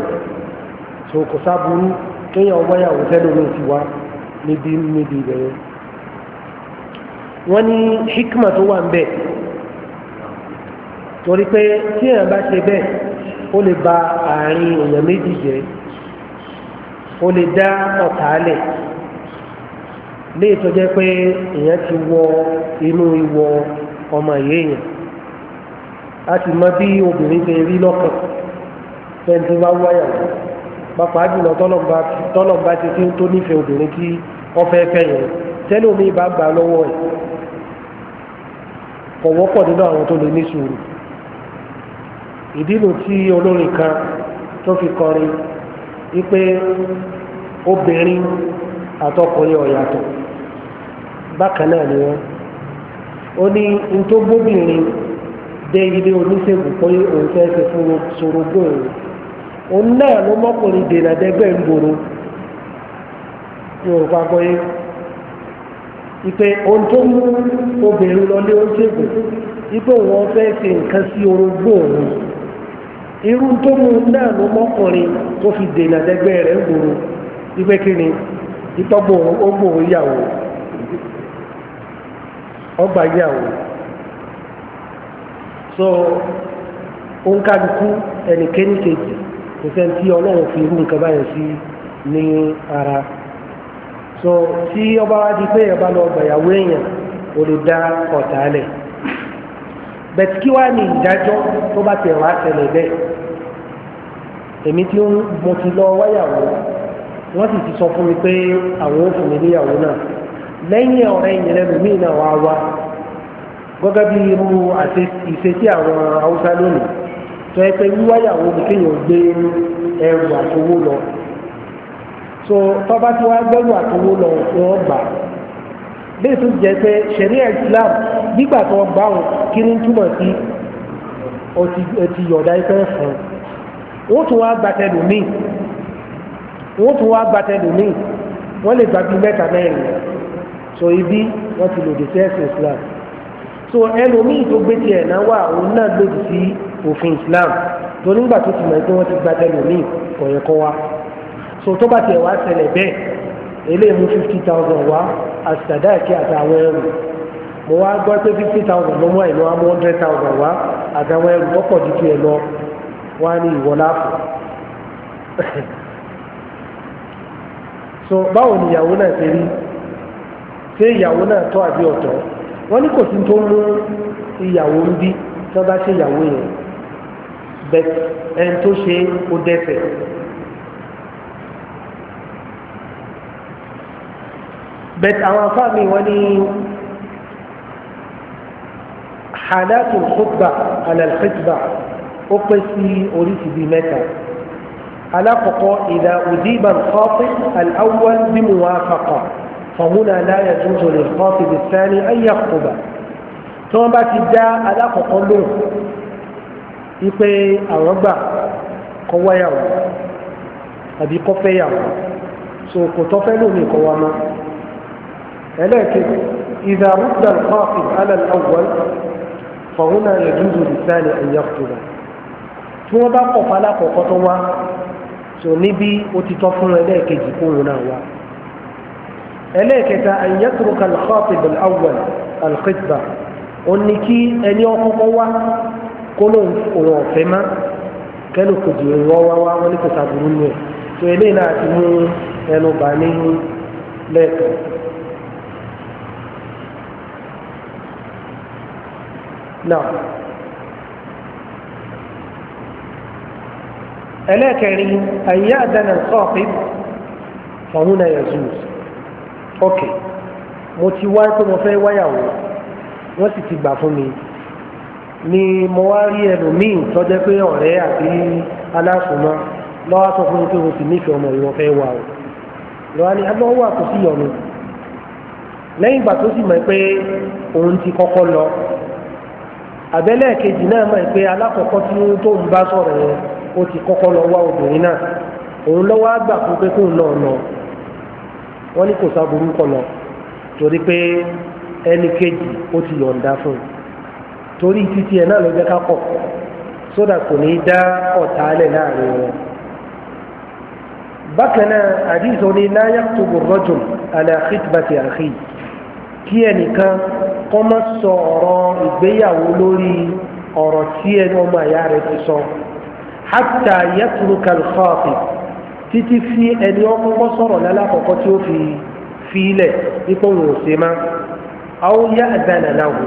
tó kò sáburú kéèyàn ọwọ́ yàwó tẹ́lẹ̀ ló ti wá níbi níbi ìbẹ̀rẹ̀ wọ́n ní hikma tó wà ń bẹ̀ torí pé tí èèyàn bá ṣe bẹ́ẹ̀ ó lè ba àárín èèyàn méjì jẹ́ ó lè dá ọ̀tá lẹ̀ léè tó jẹ́ pé èèyàn ti wọ inú ìwọ ọmọ ìyá èèyàn a sì mọ bí obìnrin ṣe rí lọ́kàn fẹ́ni tó bá wáyàwó pàápàá jùlọ tọ́lọ̀mbá ti fi tó nífẹ̀ẹ́ obìnrin tí wọ́n fẹ́ fẹ́ yẹn tẹ́lẹ̀ omi ìbá gbà lọ́wọ́ ẹ̀ kò nínú àwọn tó lè ní sùúrù. ìdínú tí olórin kan tó fi kọrin wípé obìnrin àtọkùnrin ọ̀yàtọ̀ bákan náà ni wọ́n ó ní n tó gbóbìnrin dé ilé oníṣègùn pé òun fẹ́ ṣe fún sorogún òun òun náà ló lọ lé oníṣègùn wípé irú tó mú náà ló mọ́kùnrin tó fi dènà lẹ́gbẹ́ rẹ̀ gbòòrò wípé kí ni ìtọ́gbò so òǹkàlùkù ẹnìkẹ́ni kejì kò sẹ́ni ọlọ́run fi irú nǹkan báyìí sí ní ara so si ọba wa di pé ọba lọ gbàyàwó èèyàn ò ọ̀tá lẹ̀. bẹ̀tí kí wá ní ìdájọ́ tó bá ti rà ṣẹlẹ̀ bẹ́ẹ̀ èmi tí mo ti lọ wáyàwó wọ́n sì ti sọ fún mi pé àwọn ò fún mi níyàwó náà lẹ́yìn ọ̀rẹ́ yẹn lẹ́nu míì náà wá wá gẹ́gẹ́ bí irú ìṣesí àwọn haúsá lónìí tó yẹ pé wíwáyàwó ni kéèyàn gbé ẹrù àtowó lọ so tọ́ba tí wàá gbẹ́rù àtowó lọ wọ́n gbà á léyìí tó jẹ́ pé ṣẹ̀ríà Islam nígbà tó ń bá wọn kí ní túmọ̀ sí ọtí yọ̀dá ẹgbẹ́ fún un wọ́n tún wá gbatẹ́lù míì wọ́n tún wá gbatẹ́lù míì wọ́n lè gbàgbé mẹ́ta mẹ́rin so ibi wọ́n ti lòdì sí ẹ̀sìn Islam so ẹlòmíì tó gbé tiẹ̀ náà wà òun náà lòdì sí òfin Islam tó nígbà tó ti mọ̀ pé wọ́n ti gbatẹ́lù míì kò yẹ kó so tó bá tiẹ̀ wá ṣẹlẹ̀ bẹ́ẹ̀ eléyìí mú fifty thousand wá àtàdáàkì àtàwọn ẹrù mo wá gbọ́ pé fifty thousand ló mú àìlọ́ àmú hundred thousand wá àtàwọn ẹrù tọ́pọ̀ dídú ẹ lọ wá ní ìwọlá fún [LAUGHS] so báwo ni ìyàwó náà ṣe rí ṣé ìyàwó náà tọ́ àbí ọ̀tọ̀ wọ́n ní kò sí tó mú ìyàwó ń bí tí wọ́n bá ṣe ìyàwó yẹn bẹ́ẹ̀ ẹni tó ṣe ó dẹ́ṣẹ̀. bẹ́t àwọn afáàmì wọn ní hàdátù khutba alàlùfẹ́tìbà ó pẹ́ sí oríṣi bíi mẹ́ta alákọ̀ọ́kọ́ ìdá òdìbà kọ́pì aláwọ̀l bí mu wá fàkọ̀ fọ̀múnà láyà tó ń sọ lè kọ́pì bí sani ayé kùbà tí wọ́n bá ti dá alákọ̀ọ́kọ́ lóhùn wípé àwọn gbà kọ́ wáyàwó àbí kọ́ fẹ́yàwó so kò tọ́ lómi kọ́ wá mọ́. لكن إذا رد الخاطب على الأول فهنا يجوز للثاني أن يقتله tí wọ́n bá kọ̀ fún alákọ̀ọ́kọ́ tó wá tó níbi ó ti tọ́ fún ẹlẹ́ẹ̀kejì kóhun náà wá ẹlẹ́ẹ̀kẹta an yatruka al-khatib al-awwal al-khitba ó ní kí ẹni ọkọ̀ọ́kọ́ wá kó ló ń ọ̀fẹ́ má kẹ́lò kejì ìrọ̀ wá wá wọn ní kò sàbùrù nù tó eléyìí náà ti mú ẹnu bà ní lẹ́ẹ̀kan. náà ألا كريم àdánà sọ́ọ̀pì ọ̀hún náà yẹ zuu ok mo ti wá pé mo fẹ́ wáyàwó wọ́n sì ti gbà fún mi ni mo wá rí ẹlòmíì tọ́jẹ́ pé ọ̀rẹ́ àti aláṣùmọ́ lọ́wọ́ sọ fún mi pé mo sì nífẹ̀ẹ́ ọmọ ìwọ̀n fẹ́ wà o lọ́wọ́ ni abọ́ wà kò sí yọ̀nu lẹ́yìn ìgbà tó sì mọ̀ pé òun ti kọ́kọ́ lọ àbẹ́lẹ̀ kejì náà mọ̀ pé alákọ̀ọ́kọ́ tí tó ń bá sọ̀rọ̀ yẹn ó ti kọ́kọ́ lọ wá obìnrin náà òun lọ́wọ́ á gbà fún pé kóun náà lọ wọ́n ní kò sá burúkọ lọ torí pé ẹni kejì ó ti yọ̀ǹda fún un torí títí ẹ̀ náà ló jẹ́ ká pọ̀ sódà kò ní í dá ọ̀tá alẹ̀ láàrin wọn. bákan náà àdìsọ ni láyà tó bò rọ́jò àlàáfíà bàtì àkì kí ẹnìkan kọ́ má sọ ọ̀rọ̀ ìgbéyàwó lórí ọ̀rọ̀ tí ẹni ọmọ àyà rẹ̀ ti sọ hatta yatruka al-khatib títí fi ẹni ọmọ kọ́ sọ̀rọ̀ lálàkọ̀kọ́ tí ó fi filẹ̀ nípa òun ò ṣe má aw ya'dana lahu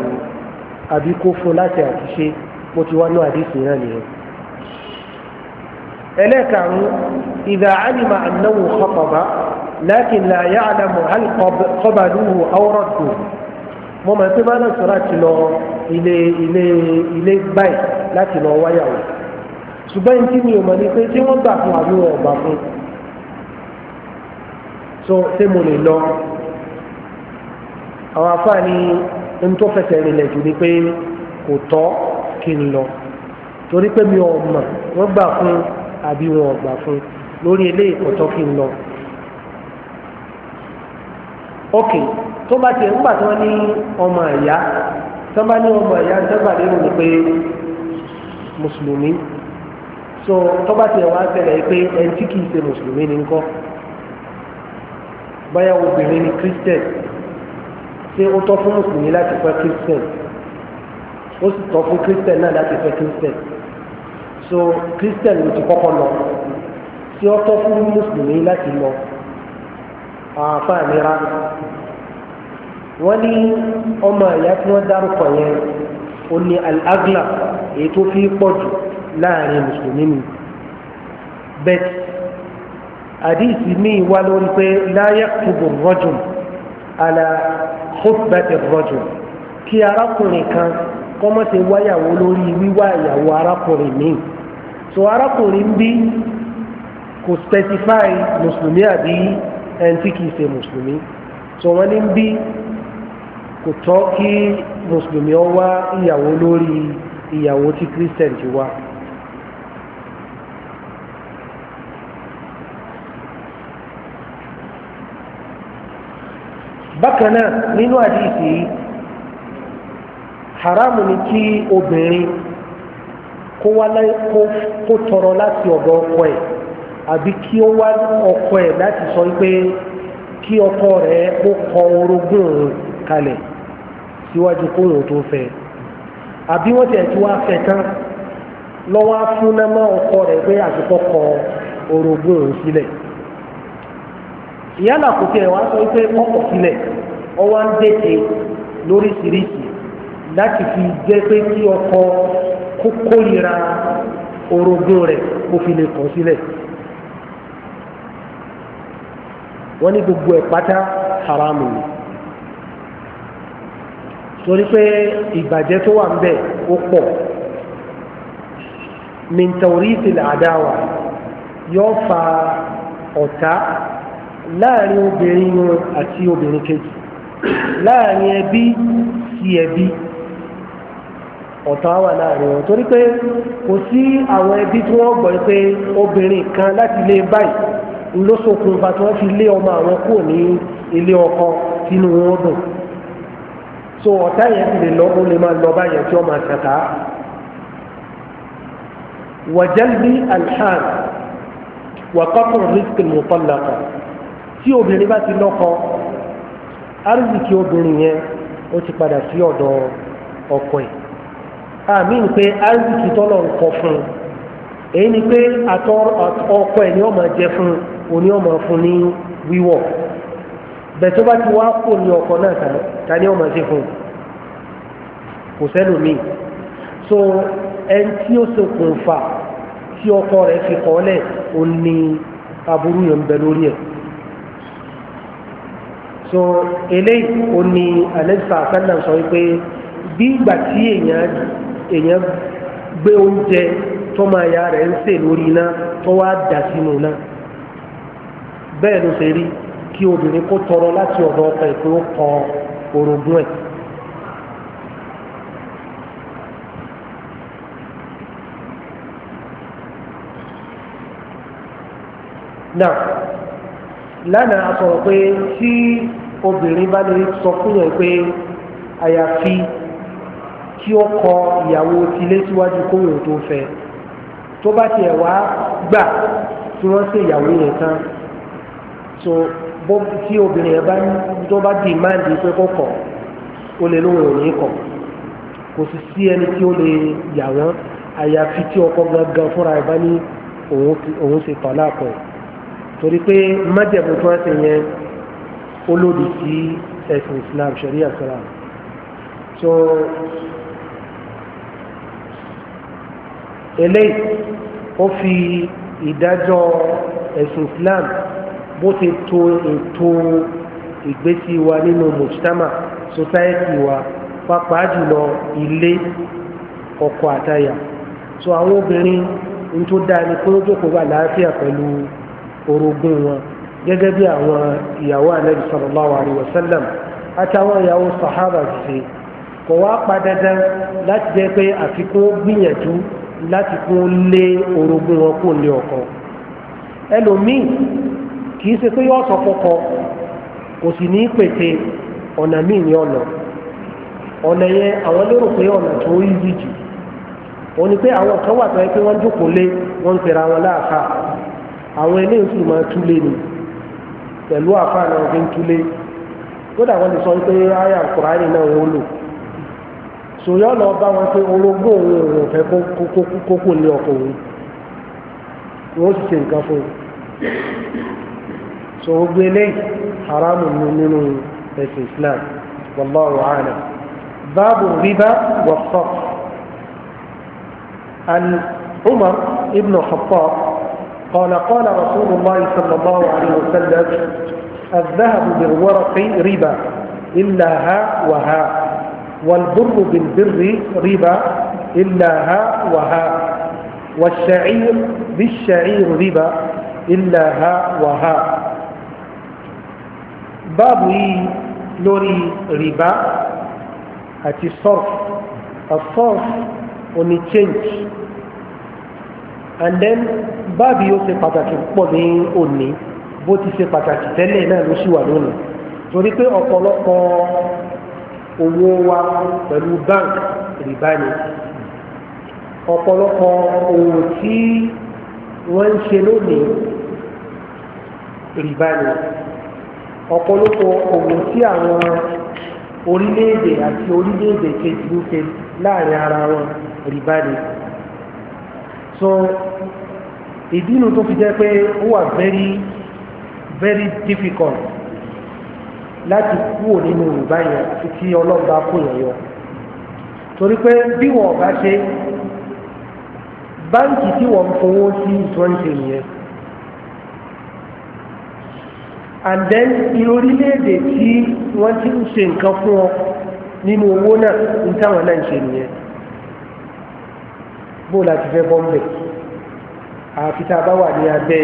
àbí kó fún láti àtúnṣe mo ti wá ní àdéhùn náà nìyẹn. ẹlẹ́karùn-ún idha alima annahu khataba lakin la ya'lamu hal qabaluhu aw radduhu mo mọ̀ pé bá náà sọ̀rọ̀ àti lọ ilé ilé ilé báyìí láti lọ wáyàwó ṣùgbọ́n ní tí mi ò mọ̀ ni pé tí wọ́n gbà fún àbí wọn ò gbà so ṣé mo lè lọ àwọn afáàní ń tó fẹsẹ̀ rìnlẹ̀ jù ni pé kò tọ́ kí n lọ torí pé mi ò mọ̀ wọ́n gbà fún àbí wọn ò fún lórí eléyìí kò tọ́ kí n lọ ok tó bá tiẹ̀ ńgbà tí wọ́n ní ọmọ ẹ̀yà tó bá ní ọmọ ẹ̀yà tó bá lérò ní pé mùsùlùmí so tó bá tiẹ̀ wá ṣẹlẹ̀ pé ẹni tí kìí ṣe mùsùlùmí ni ńkọ́ báyà obìnrin ni christian ṣé ó tọ́ fún mùsùlùmí láti fẹ́ christian ó sì tọ́ fún christian náà láti fẹ́ christian so christian ló ti kọ́kọ́ lọ ṣé ó tọ́ fún mùsùlùmí láti lọ àwọn afa ìlera wọ́n ní ọmọ ìyá tí wọ́n dárúkọ yẹn ó ní al-agla èyí tó fi pọ̀ jù láàrin mùsùlùmí ni bẹ́ẹ̀ àdìsí míì wá lórí pé la yaktubu ar-rajul ala khutbati ar-rajul kí arákùnrin kan kọ́mọ́sẹ̀ wáyàwó lórí wíwá ìyàwó arákùnrin míì so arákùnrin bí kò specify mùsùlùmí àbí ẹni tí kìí ṣe mùsùlùmí tó wọ́n ní bí kò tọ́ kí mùsùlùmí ọ wá ìyàwó lórí ìyàwó tí christian ti wá. bákan náà nínú àdìsí haramu ni kí obìnrin kó tọrọ láti ọ̀dọ̀ ọkọ ẹ̀. àbí kí ó wá ọkọ ẹ̀ láti sọ pé kí ọkọ rẹ̀ ó kọ orogún òun kalẹ̀ síwájú tó fẹ́ àbí wọ́n tiẹ̀ tí wá tán ọkọ rẹ̀ pé àsìkò kọ orogún òun ìyálà kò sọ pé ọkọ ń lóríṣiríṣi láti fi pé kí ọkọ kó kórìíra orogún kó fi lè wọ́n ní gbogbo ẹ̀ pátá haramu ni torí pé ìbàjẹ́ tó wà ń bẹ̀ ó pọ̀ min tawrisil adawa yóò fa ọ̀tá láàrin obìnrin yun àti obìnrin kejì láàrin ẹbí sí ẹbí ọ̀tá wà láàrin wọn torí pé kò sí àwọn ẹbí tí wọ́n gbọ́ pé obìnrin kan láti lè báyìí ńlọ́sọ̀kùnfà tí wọ́n fi lé ọmọ àwọn kúrò ní ilé ọkọ sínú wọn dùn so ọ̀tá yẹn ti lè lọ ó lè máa lọ báyẹn tí wọ́n máa ṣàtà wàjálbí alhan wàkọ́tún risk mutallaka tí obìnrin bá ti lọ́kọ arzikì obìnrin yẹn ó ti padà sí ọ̀dọ̀ ọkọ ẹ̀ àmì ń pé arzikì tọ́lọ̀ ń kọ fún un èyí ni pé àtọ ọkọ ẹ̀ ni ọmọ jẹ fún un òní ọmọ fún ní wíwọ̀ bẹ̀tọ́ bá ti wá kò ní ọkọ náà tán ta ni ọmọ ṣe fún un kò sẹ́lòmíì so ẹni tí ó ṣokùnfà tí ọkọ rẹ̀ fi kọ́ lẹ̀ ó ní aburú yẹn ń bẹ lórí ẹ̀ so eléyìí ó ní alexa sanna sọ wípé bí ìgbà tí èèyàn gbé oúnjẹ tọ́mọ aya rẹ̀ ń sè lórí iná tó wá dà sínú iná bẹ́ẹ̀ ló ṣe rí kí obìnrin kó tọrọ láti ọ̀dọ̀ ọkọ ẹ̀ pé ó orogún ẹ̀. náà lánàá a sọ̀rọ̀ pé tí obìnrin bá lè sọ fún yàn pé àyàfi kí ó kọ ìyàwó tilé síwájú kóhùn tó fẹ́ tó bá tiẹ̀ wá gbà tí wọ́n ṣe ìyàwó yẹn tán so bó tí obìnrin yẹn bá tó bá dìmáàdì pé kó kọ̀ ó lè lóhùn òní kọ̀ kò sì sí ẹni tí ó lè yà wọ́n àyàfi tí ọkọ gangan fúnra ẹ̀ bá ní òun ṣe tọ̀ láàpọ̀ torí pé májẹ̀mú tí wọ́n ṣe yẹn ó lòdì sí ẹ̀sìn Islam sharia Islam so. eléyìí ó fi ìdájọ́ ẹ̀sìn Islam bó ti tò ètò ìgbésí wa nínú mujtama society wa pàápàá jùlọ ilé àtayà so àwọn obìnrin n tó dáa ni pé ó wà láàáfíà pẹ̀lú orogún wọn gẹ́gẹ́ bí àwọn ìyàwó anabi sallallahu sahaba ṣe kò wá pa dandan láti jẹ́ pé àfikún láti kún lé orogún wọn kó lé ọkọ ẹlòmíì kìí ṣe pé yọ sọ kọkọ kò sì ní pète ọ̀nà míì ní ọ̀nà ọ̀nà yẹn àwọn lérò pé ọ̀nà tó yí jù wọn ni pé àwọn kan wà tó yẹ pé jókòó lé ń pera wọn àwọn eléyìí sì máa túlé ni pẹ̀lú náà fi ń túlé kódà ti sọ pé náà so yọ lọ bá wọn pé ológbó òun òun ò fẹ́ kókó lé ọkọ òun wọ́n sì ṣe nǹkan fún un so gbé lẹ́yìn haramu nínú ẹ̀sìn Islam wallahu a'lam báàbù rìbá wà fọ́ọ̀ عن عمر بن الخطاب قال قال رسول الله صلى الله عليه وسلم الذهب بالورق ربا إلا ها وها والبر بالبر ربا إلا ها وها والشعير بالشعير ربا إلا ها وها بابي لوري ربا أتي صرف الصرف وني change and then báàbí ó ṣe pàtàkì pọ̀ ní òní bó ti ṣe pàtàkì tẹ́lẹ̀ náà ló owó wa pẹ̀lú bank rìbá ni ọ̀pọ̀lọpọ̀ òwò tí wọ́n ń ṣe lónìí rìbá ni ọ̀pọ̀lọpọ̀ òwò tí àwọn orílẹ̀-èdè àti orílẹ̀-èdè kejì ń ṣe láàrin ara wọn rìbá ni so ìdí inú tó fi jẹ́ pé ó wà very very difficult láti kúrò nínú ìbá yẹn títí ọlọ́ba kò yẹn yọ torí pé bí wọ́n bá ṣe báńkì tí wọ́n fowó sí ìtúwọ́nṣe nìyẹn and then orílẹ̀-èdè tí wọ́n ti ń ṣe nǹkan fún ọ nínú owó náà ń táwọn náà ń ṣe nìyẹn bó láti fẹ́ bọ́m̀bẹ̀ àfi tá a bá wà ní abẹ́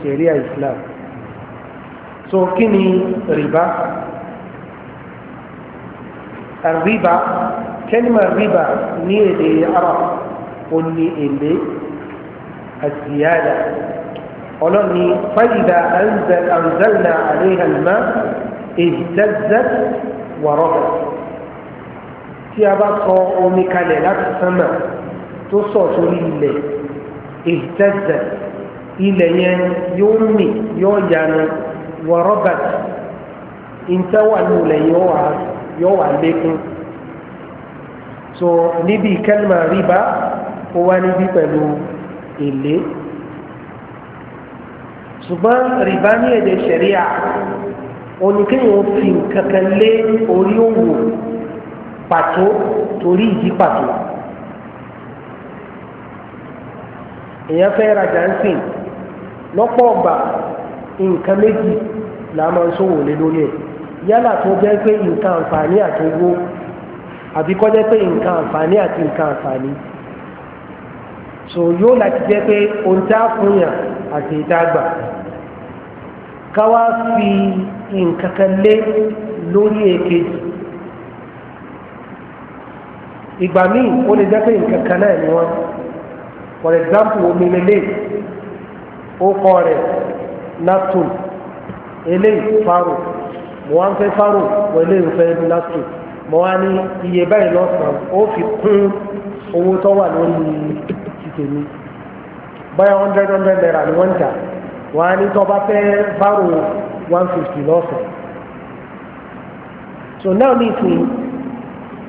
ṣẹ̀ríà Islam so kí ni rìbá àríbá kẹ́nìmà rìbá ní èdè arab ó ní èlé àzíyáda ọlọ́ni fáyidà anzalna àríhà lmá ihtazzat wa rabat tí a bá sọ omi kalẹ̀ láti sánmà tó sọ sórí ilẹ̀ ihtazzat ilẹ̀ yẹn yóò mì yóò yanu wọ̀rọ̀bà ìntẹ́ wà lulẹ̀ yóò wà lékún so níbi kẹ́lìmà rìbá ó wá níbi pẹ̀lú èlé ṣùgbọ́n rìbá ní èdè ṣẹ̀ríà oníkéyìn fi kankan lé orí òwò pàtó torí ìdí pàtó èèyàn fẹ́ rajà ń sìn lọ́pọ̀ ọgbà nǹkan méjì la máa ń ṣòwò lé lórí ẹ̀ yálà tó jẹ́ pé nǹkan àǹfààní àti owó àbí kọ́ jẹ́ pé nǹkan àǹfààní àti nǹkan àǹfààní so yóò láti jẹ́ pé ohun tá a fún yàn àti ìdágbà ká wá fi nǹkan kan lé lórí èkejì ìgbà míì ó lè jẹ́ pé nǹkan kan náà ni wọ́n for example omi lélẹ̀ ó kọ́ rẹ̀ natun eléyìí faro mo wá ń fẹ́ faro mo eléyìí fẹ́ natun mo wá ní iye báyìí lọ́sàn-án ó fi kún owó tó wà lórí títèmi báyà hundred hundred naira ni wọ́n ń tà wọ́n á ní tó bá fẹ́ faro one fifty lọ́sàn-án so now ní ìsìn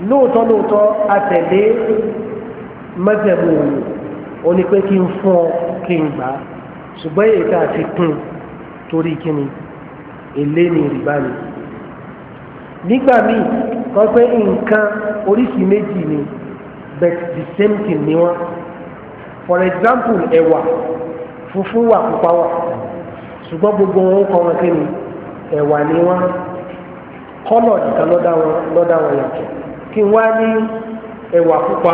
lóòótọ́ lóòótọ́ àtẹ̀lé mẹ́tẹ̀ẹ̀mù òní pé kí n fún ọ kí n gbà ṣùgbọ́n èyí tá a ti kún un torí kíni èlé ni rìbá ni nígbà míì kan pé nǹkan oríṣi méjì ni but the same thing ni wọ́n for example ẹ̀wà funfun wà pupa wà ṣùgbọ́n gbogbo wọn kọ́ wọn kíni ẹ̀wà ni wọ́n kọ́lọ̀ nìkan lọ́dà wọn yàtọ̀ kí n wá ní ẹ̀wà pupa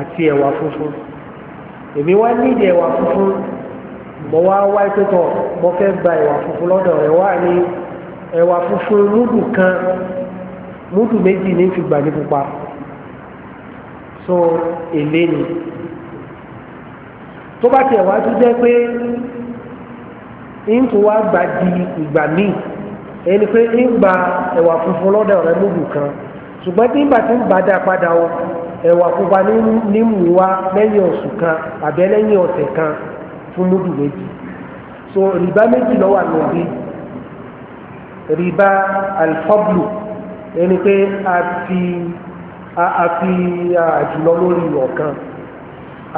àti ẹ̀wà funfun èmi wá ní ìdí ẹ̀wà funfun mo wá wá ìpẹ́tọ̀ mo fẹ́ gba ẹ̀wà funfun lọ́dọ̀ rẹ̀ wá ní ẹ̀wà funfun múdù kan múdù méjì ní fi ní pupa so èlé ni tó bá tiẹ̀ wá tún jẹ́ pé ń tún wá gbà di ìgbà míì ẹni pé ń gba ẹ̀wà funfun lọ́dọ̀ rẹ̀ múdù kan ṣùgbọ́n tí ìgbà tí ń bá dá padà o ẹ̀wà pupa ní mú wá lẹ́yìn oṣù kan àbẹ́ ọ̀sẹ̀ kan fún múdù méjì so rìbá méjì lọ́wọ́ àmì òbí rìbá alifọ́blù ẹni pé a fi a fi àjùlọ lórí ọ̀kan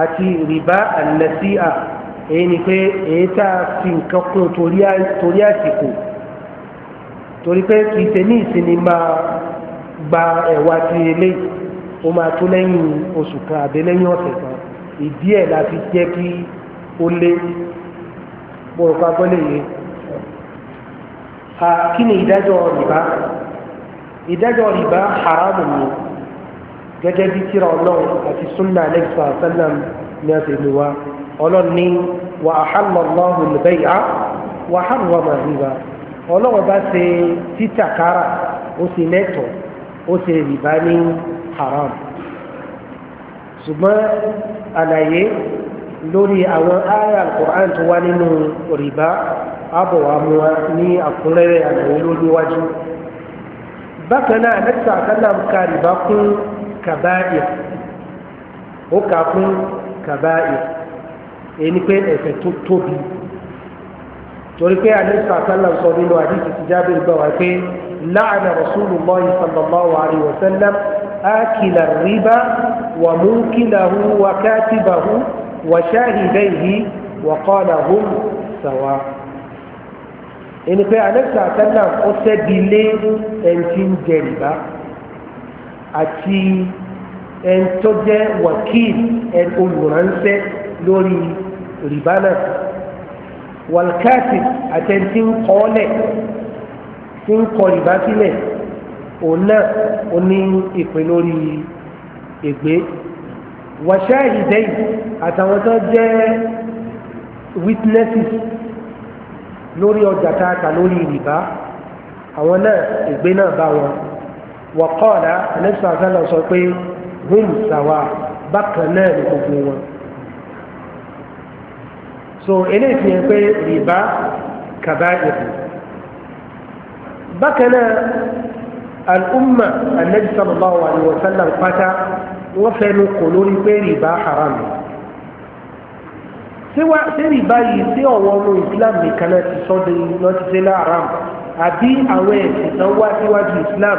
àti rìbá alẹ́síà èyí ni pé èyí tá a fi nǹkan kún torí àsìkò torí pé kì í ṣe ní ìsinmi máa gba ẹ̀wà ti eléyìí ó máa tó lẹ́yìn oṣù kan àbí ọ̀sẹ̀ kan ìdí ẹ̀ la fi jẹ́ kí ó lé bọ̀rọ̀pá gbọ́lé yìí a kí ni ìdájọ́ rìbá ìdájọ́ rìbá haramu ni gẹ́gẹ́ bí tíra ọlọ́run àti sunna alexa sallam ní ọ̀sẹ̀ ìlú wa ọlọ́run ní wa ahalla Allahu al-bay'a wa harrama riba ọlọ́run bá ṣe títà kára ó ṣe lẹ́tọ̀ ó ṣe rìbá ní haram ṣùgbọ́n àlàyé lórí àwọn àyà alukur'an tó wá nínú rìbá àbọ̀wàmúwa ní àkúnrẹ́rẹ́ àgbẹ̀wò lóníwájú bákan náà nẹ́tà kálám ka rìbá kún kàbáyà ó kà kún kàbáyà ẹni pé ẹ̀ṣẹ̀ tó tóbi torí pé àlẹ́sà sálà sọ nínú àdìsí ti jáde gbà wá pé láàánà rasúlù lọ́yìn sallallahu alayhi wa sallam وشاهديه وقال هم سواء ẹni pé anẹ́sà àtẹ́nà ó sẹ́bilé ẹni tí ń jẹ rìbá àti ẹni tó jẹ́ wákìl ẹni olùránṣẹ́ lórí rìbá náà wàlkátì àti ẹni tí ń kọ́ọ́lẹ̀ tí ń kọ rìbá sílẹ̀ òun náà ó ní ìpè lórí ègbé. E wàṣáàhìdẹ́yì àtàwọn tó jẹ́ witnesses lórí ọjà tààtà lórí ìrìbá àwọn náà ìgbé náà bá wọn wàkọ́ọ̀dá ẹlẹ́sìn àtàlà sọ pé hum sawa bákan náà ní gbogbo wọn so eléyìí fi pé ìrìbá kàbá ìrìn bákan náà al'umma anabi sallallahu alaihi wa sallam pátá wọ́n fẹnu kò lórí pé rìbá haram ṣé rìbá yìí sí ọ̀wọ́ ọmọ islam nìkan náà ti sọ́dọ̀ iná ti ṣe haram àbí àwọn ẹ̀sìn tán wá síwájú islam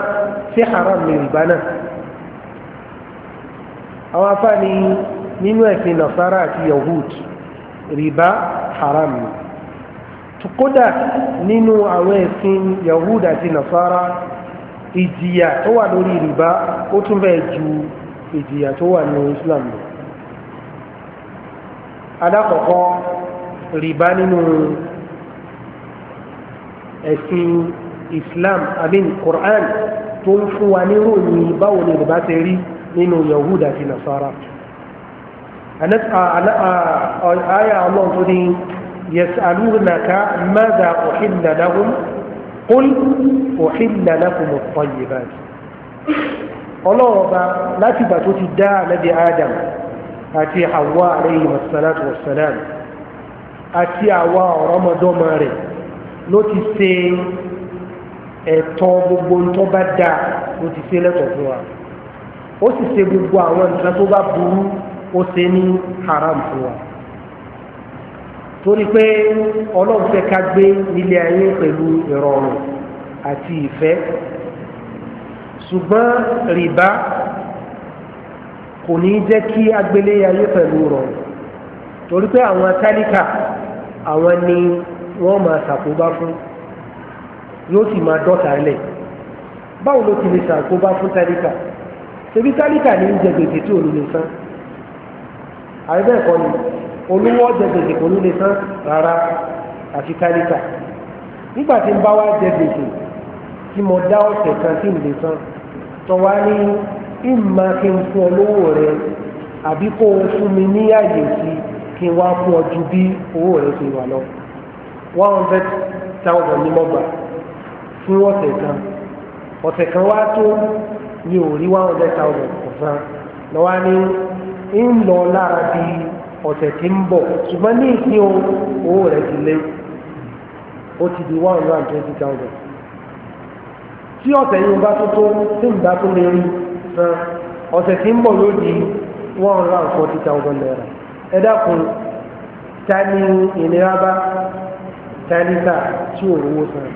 ṣé haram ní rìbá náà àwọn afáàní nínú ẹ̀sìn nasara àti yahud rìbá haram ni kódà nínú àwọn ẹ̀sìn yahud àti nasara ìjìyà tó wà lórí rìbá ó tún fẹ́ ju ìjìyà tó wà nínú Islam lò alákọ̀ọ́kọ́ rìbá nínú ẹ̀sìn Islam abin Quran tó ń fún wa nírò ní báwo ni rìbá ti rí nínú Yahuda àti Nasara àyà ọlọ́run tó ní yẹsàlúnàká mẹ́ta òhìnnà lahum ọlọ́run ọba láti ìgbà tó ti dá ànábì Adam àti Hawa alayhi masalatu wasalam àti àwa ọ̀rọ̀mọdọ́mọ rẹ̀ ló ti ṣe ẹ̀tọ́ gbogbo tó bá dáa ló ti ṣe lẹ́tọ̀ọ́ fún wa ó sì gbogbo àwọn nǹkan tó bá burú ó ṣe ní haram fún wa torí pé ọlọ́run ká gbé nílé ayé ṣùgbọ́n rìbá kò ní jẹ́ kí agbélé ayé pẹ̀lú rọrùn torí pé àwọn tálíkà àwọn ni wọ́n máa ṣàkóbá fún yóò sì máa dọ́ta lẹ̀ báwo ló ti lè ṣàkóbá fún tálíkà ṣebí tálíkà ní jẹ gbèsè tí san àìbẹ́ẹ̀kọ́ ni olówó jẹ gbèsè kò ní lè san rárá àfi tálíkà nígbà tí ń bá wá jẹ gbèsè tí mo dá ọ̀sẹ̀ kan sí ìlé san tó wá ní ìmọ̀ kí n fún ọ lówó rẹ àbí kó o fún mi ní àyè sí kí n wá fún ọ ju bí owó rẹ ti wà lọ one hundred thousand ní mọ́gbà fún ọ̀sẹ̀ kan ọ̀sẹ̀ kan wá tó ní ò one hundred thousand ọ̀sán lọ́wọ́ ní ń lọ lára bí ọ̀sẹ̀ tí ń bọ̀ ṣùgbọ́n ní ìpín owó rẹ̀ ti lé ó ti di one hundred and twenty thousand. tí ọ̀sẹ̀ yìí bá tó tó tí tó lè rí san ọ̀sẹ̀ tí ń bọ̀ yóò di one hundred forty thousand naira ẹ dákun ìnira bá tí ò rówó san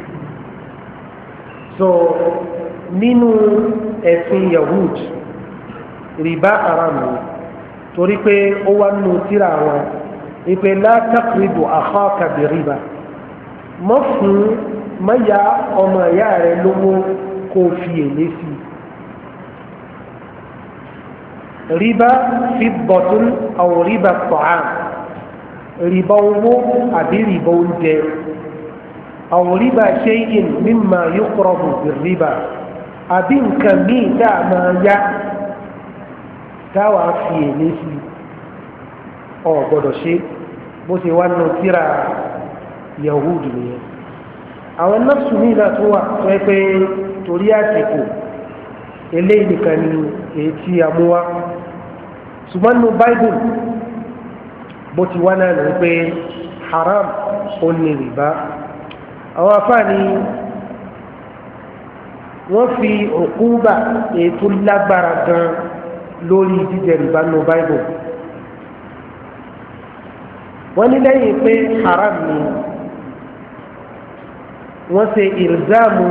so nínú ẹ̀sìn yahood rìbá haram torí pé ó wà nínú tírà wọn ìpè àkọ́kàbì rìbá. mọ́ fún mọ́yà ọmọ ìyá rẹ lówó kó fi èlé sí i rìbá fi bọ̀tún àwọn rìbá tọ̀á rìbá owó àbí rìbá oúnjẹ àwọn rìbá ṣe yìn mímọ yóò kọrọ bùbù rìbá àbí nǹkan míì tá a máa yá táwa fi èlé sí i ọ̀ gbọ́dọ̀ ṣe bó ṣe wá nù síra yahudu nìyẹn àwọn nọ́ọ̀sù mi náà tó wà tó ẹ pé torí àsìkò eléyìí nìkan ni èyí tí a mú wá ṣùgbọ́n nínú bible bó ti wá náà lè pé haram ó ní rìbá àwọn afáàní wọ́n fi òkúba èyí tó lágbára gan lórí jíjẹ rìbá nínú bible wọ́n ní lẹ́yìn pé haram ni wọ́n ṣe ìrìzáàmù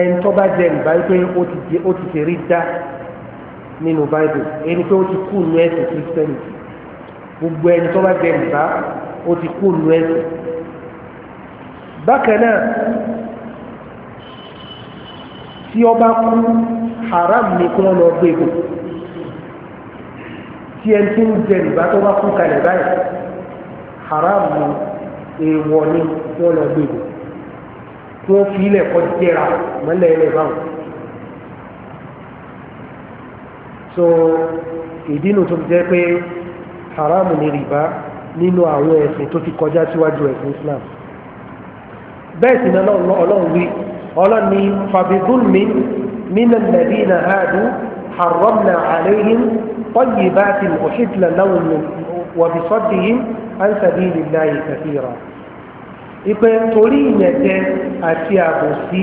ẹ̀ńtọ́ba jẹ́ nígbà pé ó ti ṣe rí dá nínú báyìí ẹni pé ó ti kú nù ẹ̀sìn kírísítẹ́nì gbogbo ẹ̀ńtọ́ba jẹ́ nígbà ó ti kú nù ẹ̀sìn. bákan náà tí ọba kú haram ni kí wọ́n lọ gbé bò e. tí ẹni tí ń jẹ nígbà tó bá kú kalẹ̀ báyìí haram ni èèwọ̀ ni wọ́n lọ gbé bò. E tí wọ́n fi ilẹ̀ kọ́ jẹ́ra mọ́lẹ̀ ilẹ̀ báwọn. so ìdínú tó jẹ́ pé haram ni rìbá nínú àwọn ẹ̀sìn tó ti kọjá síwájú ẹ̀sìn Islam bẹ́ẹ̀ sì ni ọlọ́run wí ọlọ́run ni fàbíbùnmi من الذين هادوا حرمنا عليهم طيبات أحل لهم وبصدهم عن سبيل الله كثيرا ipe torí ìyẹ̀tẹ̀ àti àbòsí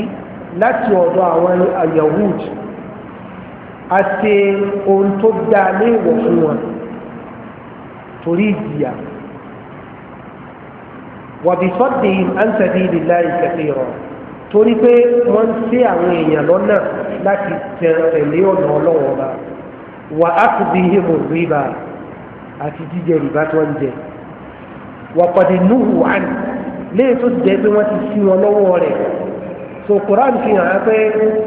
láti ọ̀dọ̀ àwọn Yahud a ṣe ohun tó dá léèwọ̀ fún wọn torí ìjìyà wàbí sọ́dẹ̀ ànsàdé ìlélá ìkẹfẹ́ rọ torí pé wọ́n ṣe àwọn èèyàn lọ́nà láti tẹ̀lé ọ̀nà ọlọ́wọ́ ọba wà á kò bí ihe mò rí bá àti jíjẹ rìbá jẹ wà pàdé núhù àná léyìí tó jẹ́ pé wọ́n ti sí wọn lọ́wọ́ rẹ̀ so Quran fi hàn pé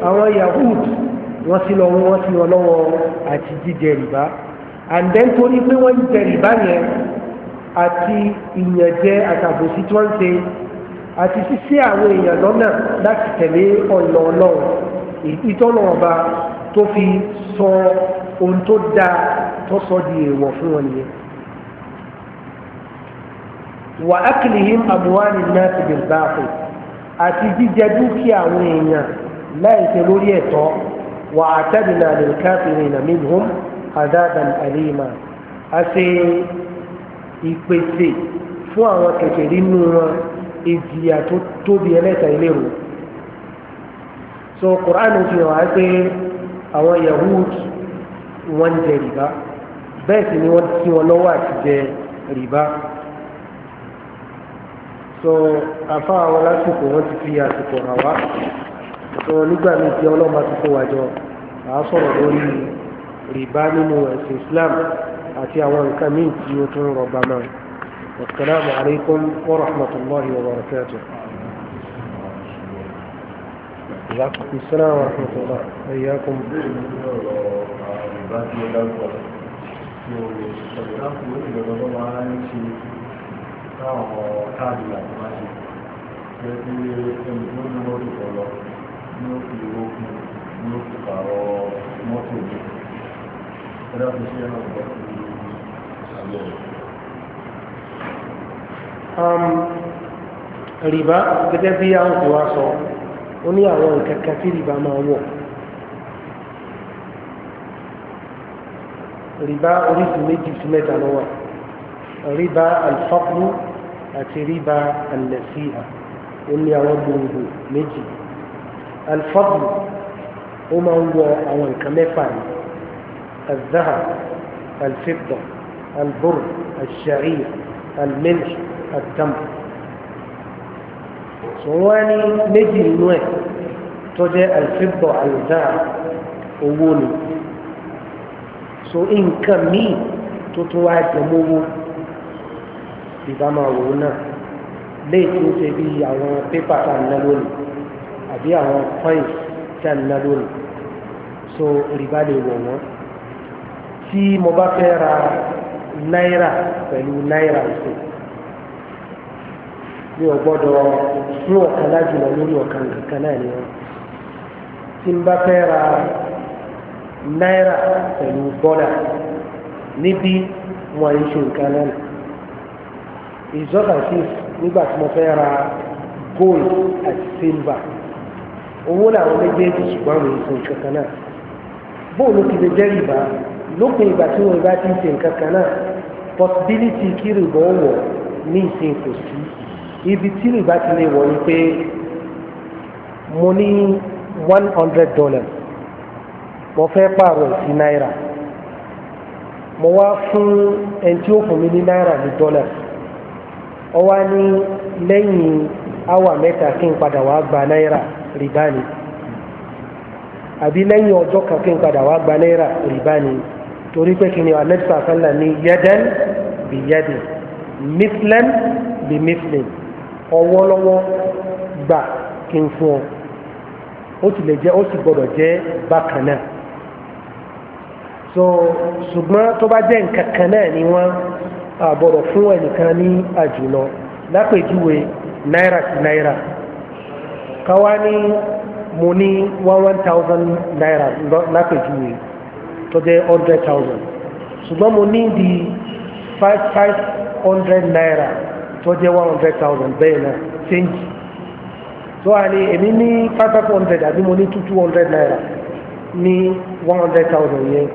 àwọn Yahud wọ́n sí lọ́wọ́ wọ́n sí wọn lọ́wọ́ àti jíjẹ rìbá and then torí pé wọ́n jẹ rìbá yẹn àti ìyànjẹ àtàbòsí tí wọ́n ń ṣe àti ṣíṣe àwọn èèyàn lọ́nà láti tẹ̀lé ọ̀nà ọlọ́run ìtọ́nà ọba tó fi sọ ohun tó dáa tó sọ di èèwọ̀ fún wọn nìyẹn wà ákìlìhìm àbúwánì náà ti bèrè báàkì àti jíjẹ dúkìá àwọn èèyàn láì ṣe lórí ẹ̀tọ́ wà àtẹ́bìnà lè káfíìnì nàmínhùn àdáàdàn àlèémà àti ìpèsè fún àwọn kẹ̀kẹ́ nínú wọn ìjìyà tó tóbi ẹlẹ́ta ìlérò so Qur'an fi hàn á pé àwọn Yahud wọ́n jẹ rìbá bẹ́ẹ̀ sì ni wọ́n ti wọn lọ́wọ́ àti jẹ rìbá so àfa àwọn lásìkò wọn ti fi àsìkò hàn wá so nígbà míì tí ọlọ́mọ ti kó wa jọ à á sọ̀rọ̀ lórí rìbá nínú ẹ̀sìn Islam àti àwọn nǹkan míì tí ó tún rọgbà náà wasalaamu alaykum wa rahmatulahi wa barakatuh. السلام ورحمة الله إياكم Thank you táwọn káàdì àti máa ṣe pé kí ẹni tó ní mọ́tò kọ lọ ní ó fi owó kún ní ó fi pààrọ̀ mọ́tò mi ẹ̀dá fi ṣe náà bọ́ sí àlẹ́ rẹ̀. rìbá gẹ́gẹ́ bí àwọn ti wá sọ ó ní àwọn nǹkan tí rìbá máa wọ̀ rìbá oríṣi méjì sí mẹ́ta ló wà rìbá alifakuru أتربى النسيئة إن يرده نجي الفضل أما هو أو الكمفان الذهب الفضة البر الشعير الملح التمر سواني نجي نوي تجي الفضة الذهب أولي سو إن كمي تتواجه مو ti ká máa wò ó náà léyìí tí ó ṣe bí àwọn pépà tá a ná lónìí àbí àwọn coins tá a ná lónìí so rìbá lè wọ̀ wọ́n tí mo bá fẹ́ ra náírà pẹ̀lú náírà ìṣe mi ò gbọ́dọ̀ fún ọ̀kan lájùlọ lórí ọ̀kan kankan náà ni wọ́n tí n bá fẹ́ ra náírà pẹ̀lú bọ́dà níbi wọn ń nǹkan náà ìjọba sí nígbà tí mo fẹ́ ra gold àti silver owó làwọn méjèèjì ṣùgbọ́n àwọn èso nǹkan kan náà bóòlù ti lè jẹ́ rìbá lópin ìgbà tí wọn bá ti ń ṣe nǹkan kan náà possibility kí rìbá ó wọ̀ ní ìsìn kò sí ibi tí rìbá ti lè wọ̀ ni pé mo ní one hundred dollars mo fẹ́ pààrọ̀ sí náírà mo wá fún ẹni tí ó fún mi ní náírà ní dollars ó wá ní lẹ́yìn áwà mẹ́ta kí n padà wá gba náírà rìbá ni àbí lẹ́yìn ọjọ́ kan kí n padà wá gba náírà rìbá ni torí pé kí ni anẹ́tí sàkálà ní yẹ́dẹ́n bí yẹ́dẹ́ míflẹ́n bí míflẹ́n ọwọ́ lọ́wọ́ gbà kí n fún ọ ó sì lè jẹ́ ó sì gbọ́dọ̀ jẹ́ bákan náà so ṣùgbọ́n tó bá jẹ́ nǹkan kan náà ni wọ́n àbọ̀rọ̀ fún ẹnìkan ní àjùlọ lápèjúwe náírà sí náírà káwá ní mo ní one one thousand naira. lápèjúwe tó jẹ́ hundred thousand ṣùgbọ́n mo ní di five five hundred naira tó jẹ́ one hundred thousand bẹ́ẹ̀ náà change tó a ní èmi ní five five hundred àbí mo ní two two hundred naira ní one hundred thousand yẹn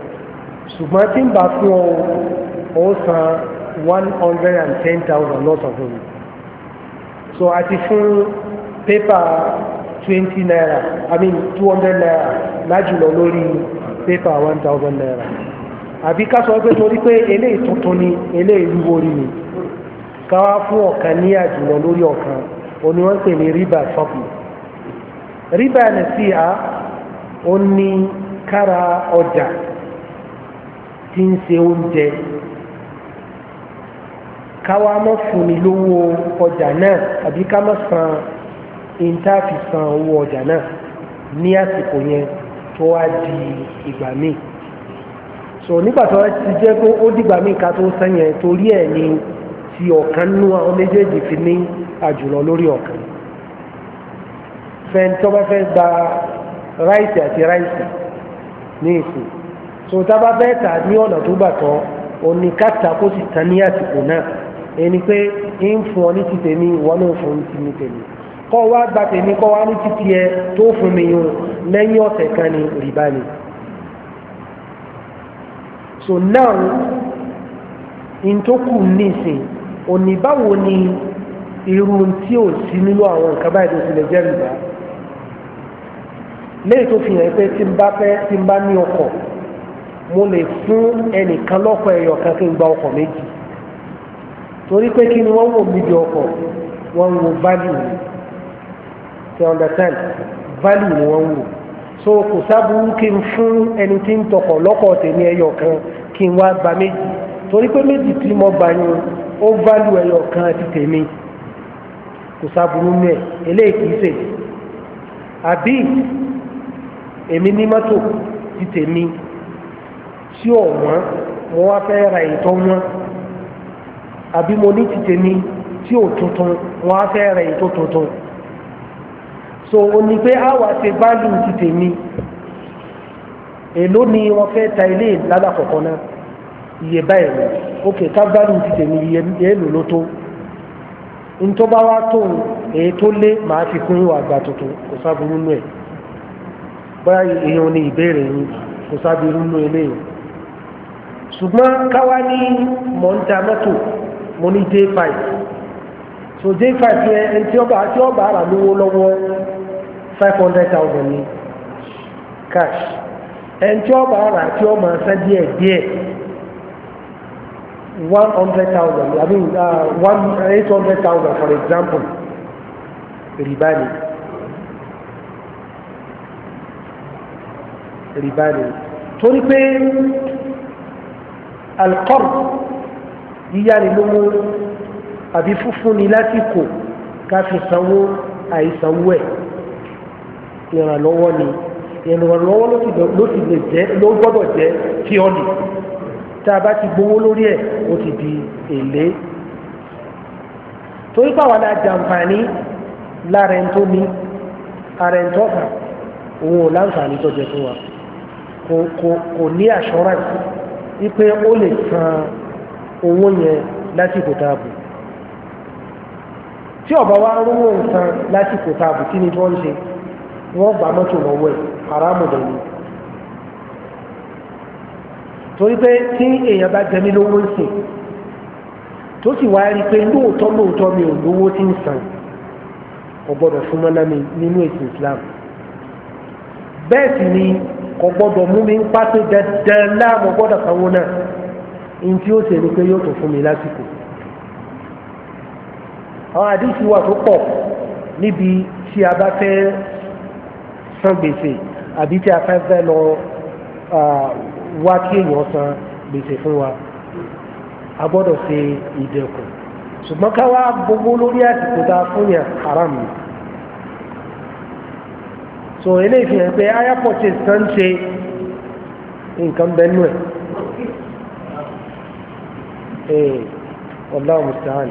ṣùgbọ́n tí n bá fún ọ ó san 110,000 lots of them so àti fún pépà 20 naira i mean 200 naira lájùlọ lórí 1000 naira àbí sọ pé torí pé eléyìí tuntun ni eléyìí wúwo ni ká fún ní lórí ọ̀kan òní wọ́n pè ní rìbá fọ́pù rìbá sí a ó ní kára ọjà tí ń se oúnjẹ káwa mọ́ fúnni lówó ọjà náà àbí ká mọ́ san intafi san owó ọjà náà ní àsìkò yẹn tó wá di ìgbà míì so nígbà tó ti jẹ́ pé ó dìgbà míì ká tó sẹ́yìn torí ẹ̀ ni ti ọ̀kan nú àwọn méjèèjì fi ní àjùlọ lórí ọ̀kan fẹ́ni tó bá fẹ́ gba ráìsì àti ráìsì ní ìsìn so tá a bá fẹ́ tà ní ọ̀nà tó bàtọ́ òní ká tà kó sì tán ní àsìkò náà ẹni pé ń fún ọ ní ti tèmi ìwọ náà fún ti ní tèmi kọ́ wá gba tèmi kọ́ wá ní títí ẹ tó fún mi yun lẹ́yìn ọ̀sẹ̀ kan ní rìbá ni. so now in tó kù nísìn òní báwo ni irú tí ò sí nínú àwọn nǹkan báyìí tó tilẹ̀ jẹ́ rìbá léyìí tó fi hàn pé tí n bá fẹ́ tí n bá ní ọkọ̀ mo lè fún ẹnìkan lọ́kọ̀ ẹyọ kan kí n gba ọkọ̀ méjì torí pé kí ni wọ́n wò mí di ọkọ̀ wọ́n wò value ni you understand value ni wọ́n wò so kò sábúrú kí n fún ẹni tí ń tọkọ̀ lọ́kọ̀ tèmi ẹyọ kan kí n wá gba méjì torí pé méjì tí mo gbà yín ó value ẹyọ kan ti tèmi kò sábúrú ní ẹ eléyìí kì í ṣe àbí èmi ní mọ́tò ti tèmi tí ò wọ́n mo wá fẹ́ ra èyí tó àbí mo ní tìtẹ̀ mi tí ò tuntun wọ́n á fẹ́ rẹ̀ ètò tuntun so o ní pé a wá ṣe báàlù tìtẹ̀ mi èló ni wọ́n fẹ́ ta ilé lálàkọ̀kọ́ náà iye báyìí ni ok ká báàlù tìtẹ̀ mi iye èlò ló tó ntọ́ba wa tó èyí tó lé màá fi kún ìwà àgbà tuntun kò sábúrú nù ẹ̀ bóyá èèyàn ní ìbéèrè yìí kò sábúrú nù eléyìí ṣùgbọ́n káwa ní mọ̀ntà mọ́tò mo ní j5 so day five, yẹn ẹni tí ọba tí ọba rà lówó lọ́wọ́ five hundred thousand ní cash ẹni tí ọba rà tí ọmọ ẹsẹ díẹ̀ díẹ̀ one hundred thousand i mean uh, one eight hundred thousand for example Ribani, ribani. rìbá ni torí pé alqard yíyáni lówó àbí fúnfúnni lásìkò ká fi sanwó àìsanwó ẹ̀ ìrànlọ́wọ́ ni ìrànlọ́wọ́ ló ti lè jẹ́ ló gbọ́dọ̀ jẹ́ tí ọ lè tá a bá ti gbowó lórí ẹ̀ ó ti di èlé torí pàwọn alájàǹfààní lára ẹni tó ní ara ẹni tó kàn òun ò láǹfààní tó jẹ fún wa kò ní assurance wípé ó lè san owó yẹn lásìkò táàbù tí ọba wa rówó nǹkan lásìkò táàbù kí ni wọ́n ń ṣe wọ́n gba mọ́tò lọ́wọ́ ẹ̀ haramu dẹ̀ ni torí pé tí èèyàn bá jẹ lówó ń sìn tó sì wá rí i pé lóòótọ́ lóòótọ́ mi ò lówó tí ń san kò gbọ́dọ̀ fún mọ́lá mi nínú ètò Islam bẹ́ẹ̀ sì ni kò gbọ́dọ̀ mú mi ń pàṣẹ dandan láàmú gbọ́dọ̀ sanwó náà. in tí ó ṣe ni pé yóò tún fún mi lásìkò àwọn àdìsí wà tó pọ̀ níbi tí a bá fẹ́ san gbèsè àbí tí a fẹ́ fẹ́ lọ wá kí èèyàn san gbèsè fún wa a gbọ́dọ̀ ṣe ìdẹ̀kùn ṣùgbọ́n ká wá gbogbo lórí àsìkò tá a fún yàn haram ni so eléyìí fi hàn pé ayapọ̀ ṣe ṣe nǹkan bẹ́ẹ̀ nù ẹ̀ eh والله musta'an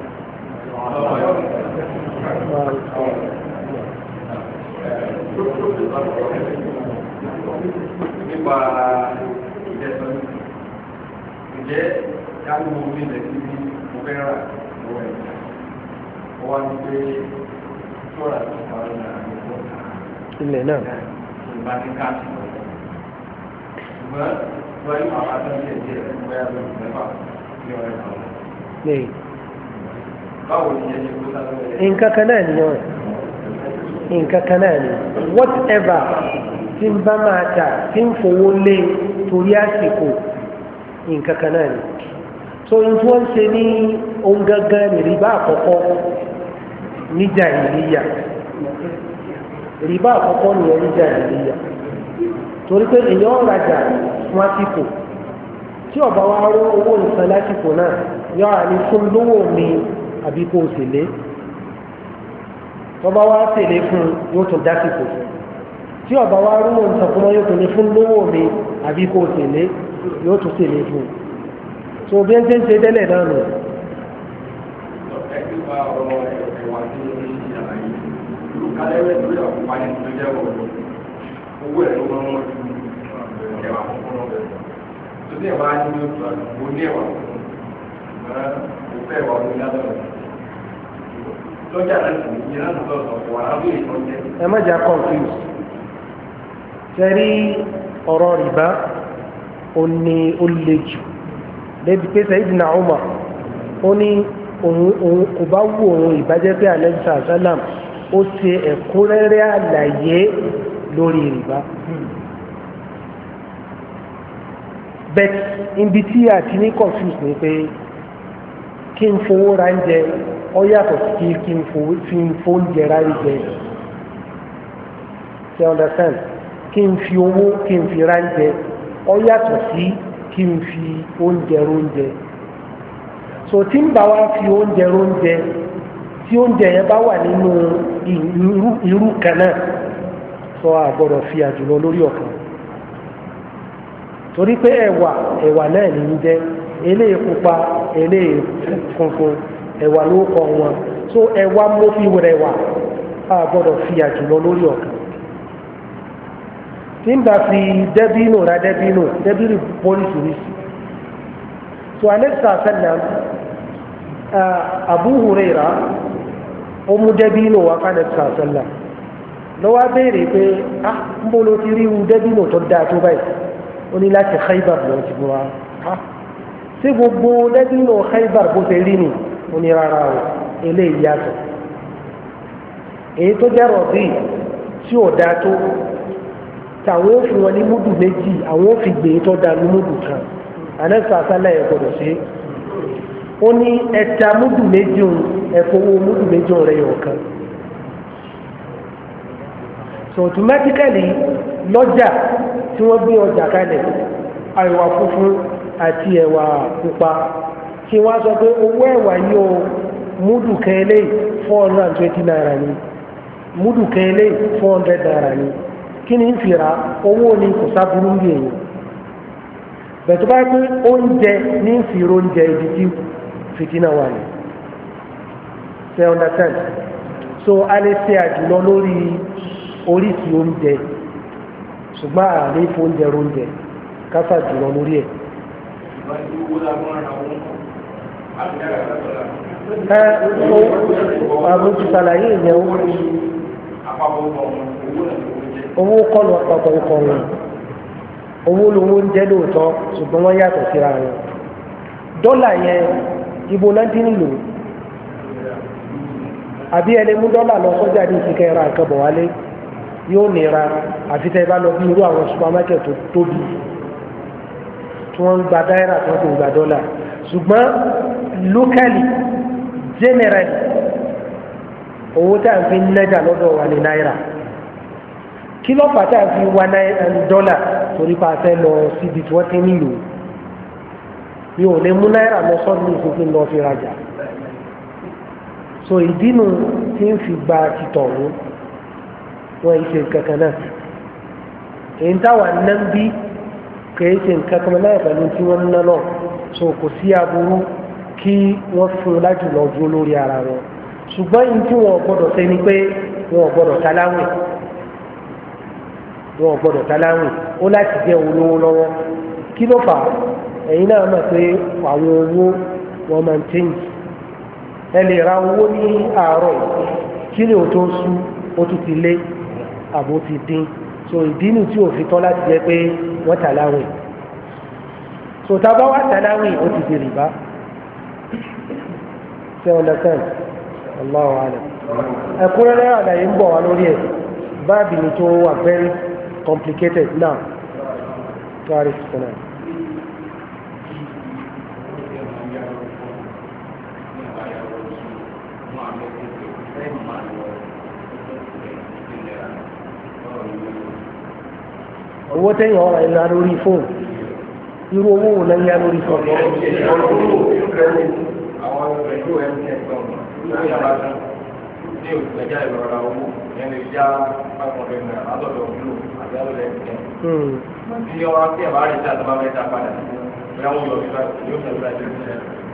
nípa ìjẹsọ ǹjẹ́ dáhùn mo ní ilẹ̀ tí mo fẹ́ rà lọ́wọ́ ẹ̀ ọ wá ní pé ṣọ́ra ti pa ọ́ náà ní ọ̀pọ̀ ilẹ̀ náà ìgbà tí ká ṣùgbọ́n wọ́n yóò máa bá tó ń jẹ́ ìjẹ́ ìgbà yàtọ̀ ìgbà yàtọ̀ nǹkan kan náà ni wọn nǹkan kan whatever tí n bá máa tà tí so n tí wọ́n ṣe ní ohun gangan ní rìbá àkọ́kọ́ níjà ìlíyà rìbá tí ọba wa rú owó nǹkan lásìkò náà yọ àní fún lówó mi àbí kò sílé tọba wa tèlé fún yóò tún dásìkò tí ọba wa rú owó nǹkan fún yóò tún ní fún lówó mi àbí kò sílé yóò tún sílé fún so bí ń ṣe tẹ́lẹ̀ náà nù. owó ẹ̀ ló máa ń wọ́n ju ẹ̀wà fúnfún náà bẹ̀rẹ̀ tó ní ẹ̀wà ní oṣù àdúgbò ní ẹ̀wà kò fẹ́ ẹ̀wà ní ládọ́rọ̀ lọ́jà láti ní ládọ́rọ̀ ọ̀pọ̀ àwọn èèyàn jẹ́. ẹ má jà confuse sẹ́rí ọ̀rọ̀ rìbá ó ní ó le jù débi pé Sayyidina Umar ó ní òun kò bá wù òun ìbàjẹ́ pé alẹ́sà sálàm ó ṣe ẹ̀kúnrẹ́rẹ́ àlàyé lórí rìbá. but ibi tí a ti ní confuse ni pé kí n fowó ra ń jẹ ọ yàtọ̀ sí kí n fi fóúnjẹ ra ń jẹ you understand kí n ọ yàtọ̀ sí kí n fi so tí n fi oúnjẹ róúnjẹ tí oúnjẹ yẹn bá wà nínú irú kan náà sọ fi torí pé ẹ̀wà ẹ̀wà náà ní í jẹ́ eléyìí pupa eléyìí funfun ẹ̀wà ló kọ wọn so ẹ̀wà mo fi wà á fi àjùlọ lórí ọ̀kan tí n bá fi dẹ́bínú ra dẹ́bínú dẹ́bínú pọ́lìsì so alexa sẹ́nà Abu Huraira ó mú wa wá fáńdẹ́sà sẹ́nà lọ́wọ́ pé ah ń bolo ti rí irú tó dáa tó ó ní láti Khaybar lọ ti bu wa ṣé gbogbo lẹ́bínú Khaybar bó ṣe rí ni ó ní rárá o eléyìí yàtọ̀ èyí tó jẹ́ rọ̀bì tí ò dáa tó tàwọn ó fi wọn ní múdù méjì àwọn ó fi e tó dáa ní múdù kan anẹ́sà sálẹ̀ ẹ̀ gbọ́dọ̀ ṣe ó ní ẹ̀ta múdù méjì ẹ̀fọwọ́ múdù méjì rẹ̀ yọ̀ kan. so automatically lọ́jà tí wọ́n gbé ọjà kalẹ̀ àìwà funfun àti ẹ̀wà pupa tí wọ́n sọ pé owó ẹ̀wà yóò múdù kẹ́lẹ́ four hundred naira ni múdù kẹ́lẹ́ four naira ni kí ni ń owó ni kò sábúrú ń bí èèyàn bẹ̀tọ́ bá pé oúnjẹ ní ń oúnjẹ ibi understand so a lè ṣe àjùlọ lórí oríṣi oúnjẹ ṣùgbọ́n àlè fóúnjẹ róúnjẹ kásà jùlọ lórí ẹ̀. ẹ owó ṣàlàyé ìyẹn owó owó àpapọ̀ ikọ̀ wọn owó lówó ń jẹ́ lóòótọ́ ṣùgbọ́n wọ́n yàtọ̀ síra wọn dọ́là yẹn ibo náà dín nílò àbí ẹni mú dọ́là lọ sọ́jà ní ìsìnkẹ́ ra nǹkan bọ̀ wálé. yóò nira àfi tẹ́ ẹ bá lọ bí irú àwọn supermarket tó tóbi tí wọ́n ń gba náírà tí wọ́n kò gba dọ́là ṣùgbọ́n locally generally owó tá à ń fi nájà lọ́dọ̀ wa ní náírà kí ló fà tá à ń fi wá dọ́là torí pa àfẹ́ lọ síbi tí wọ́n ti nílò mi ò lè mú náírà lọ sọ́dún ní ìfúnfún lọ́ọ́ fi rajà so ìdí nu ti ń fi gba títọ̀ ọ̀hún wa ń ṣe nǹkan kan náà èyí táwa ná ń bí kìí ṣe nǹkan kan náà pẹ̀lú tí wọ́n ń ná lọ so kò sí aburú kí wọ́n fún un láti lọ dúró lórí ara wọn ṣùgbọ́n yìí tí wọ́n gbọ́dọ̀ ṣe ni pé wọ́n gbọ́dọ̀ taláwìn wọ́n gbọ́dọ̀ taláwìn ó láti jẹ́ olówó lọ́wọ́ kí ló fà ẹ̀yin náà mọ̀ pé àwọn owó wọn máa ń tẹ́yìn ẹ lè ra owó ní àárọ̀ kí ni o tó ń sú o tún ti lé àbò ti dín so ìdí nu tí òfin tọ́ láti jẹ́ pé wọ́n tàláwìn so tá wà tàláwìn ó ti di rìbá ṣé wọn dẹ́sán Allahu alam ẹ̀kúnrẹ́rẹ́ àlàyé ń bọ̀ wá lórí ẹ̀ báàbì ni tó wà very complicated now tó a rí owó tẹ̀yìn ọ̀rọ̀ ẹ̀ na lórí fóònù irú owó wò lẹ́yìn ya lórí fóònù.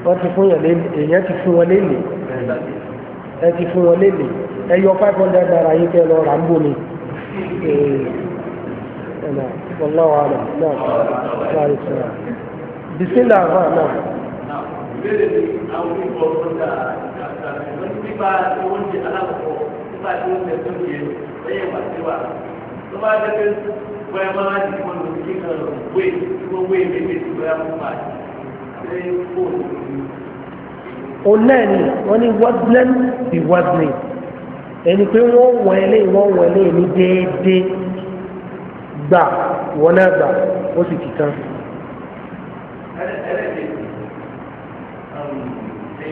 wọ́n ti fún yàn lé èèyàn ti fún wọn lé lè ẹ ti fún wọn lé lè ẹ yọ five hundred naira yìí kẹ́ lọ rà ń bomi. نعم والله اعلم نعم عليه السلام بسم الله الرحمن الرحيم نعم ìbéèrè ni àwọn onígbọ̀ ọ̀dà ìgbà nípa oúnjẹ alákọ̀ọ́ nípa oúnjẹ tó ń yẹ lẹ́yìn ìgbà tí wà tó bá jẹ́ pé bóyá máa ń dìbò lòdì kí kan lọ wé wọ́n wé méjì tí bóyá mú bá ṣe fóònù. òun náà ni wọ́n ní wọ́dlẹ́n bí wọ́dlẹ́n ẹni pé wọ́n wọ̀ ẹ́ lé wọ́n wọ̀ ẹ́ lé ní déédéé gbà ìwọ náà gbà ó sì ti tán.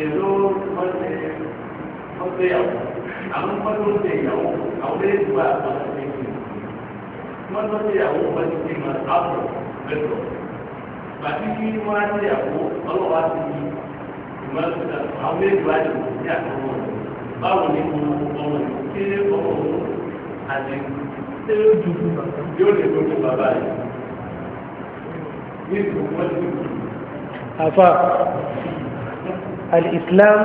èlò wọn ṣe wọn ṣe yàwó àwọn wọn ló ṣe yàwó àwọn lè gba àwọn ṣe ṣe wọn ló ṣe yàwó wọn ti ṣe máa àpò lẹtọ bàtí kí wọn á ṣe yàwó ọlọ́wọ́ ti yí ìmọ̀ ẹ̀ka àwọn lè gba àjò ní àkọ́kọ́ báwo ni mo ọmọ ìṣe ọmọ òun àti ìlú ṣé yóò dúdú bàbá yóò lè dúdú bàbá yìí ní ìlú wọn ti dúdú. afa al-islam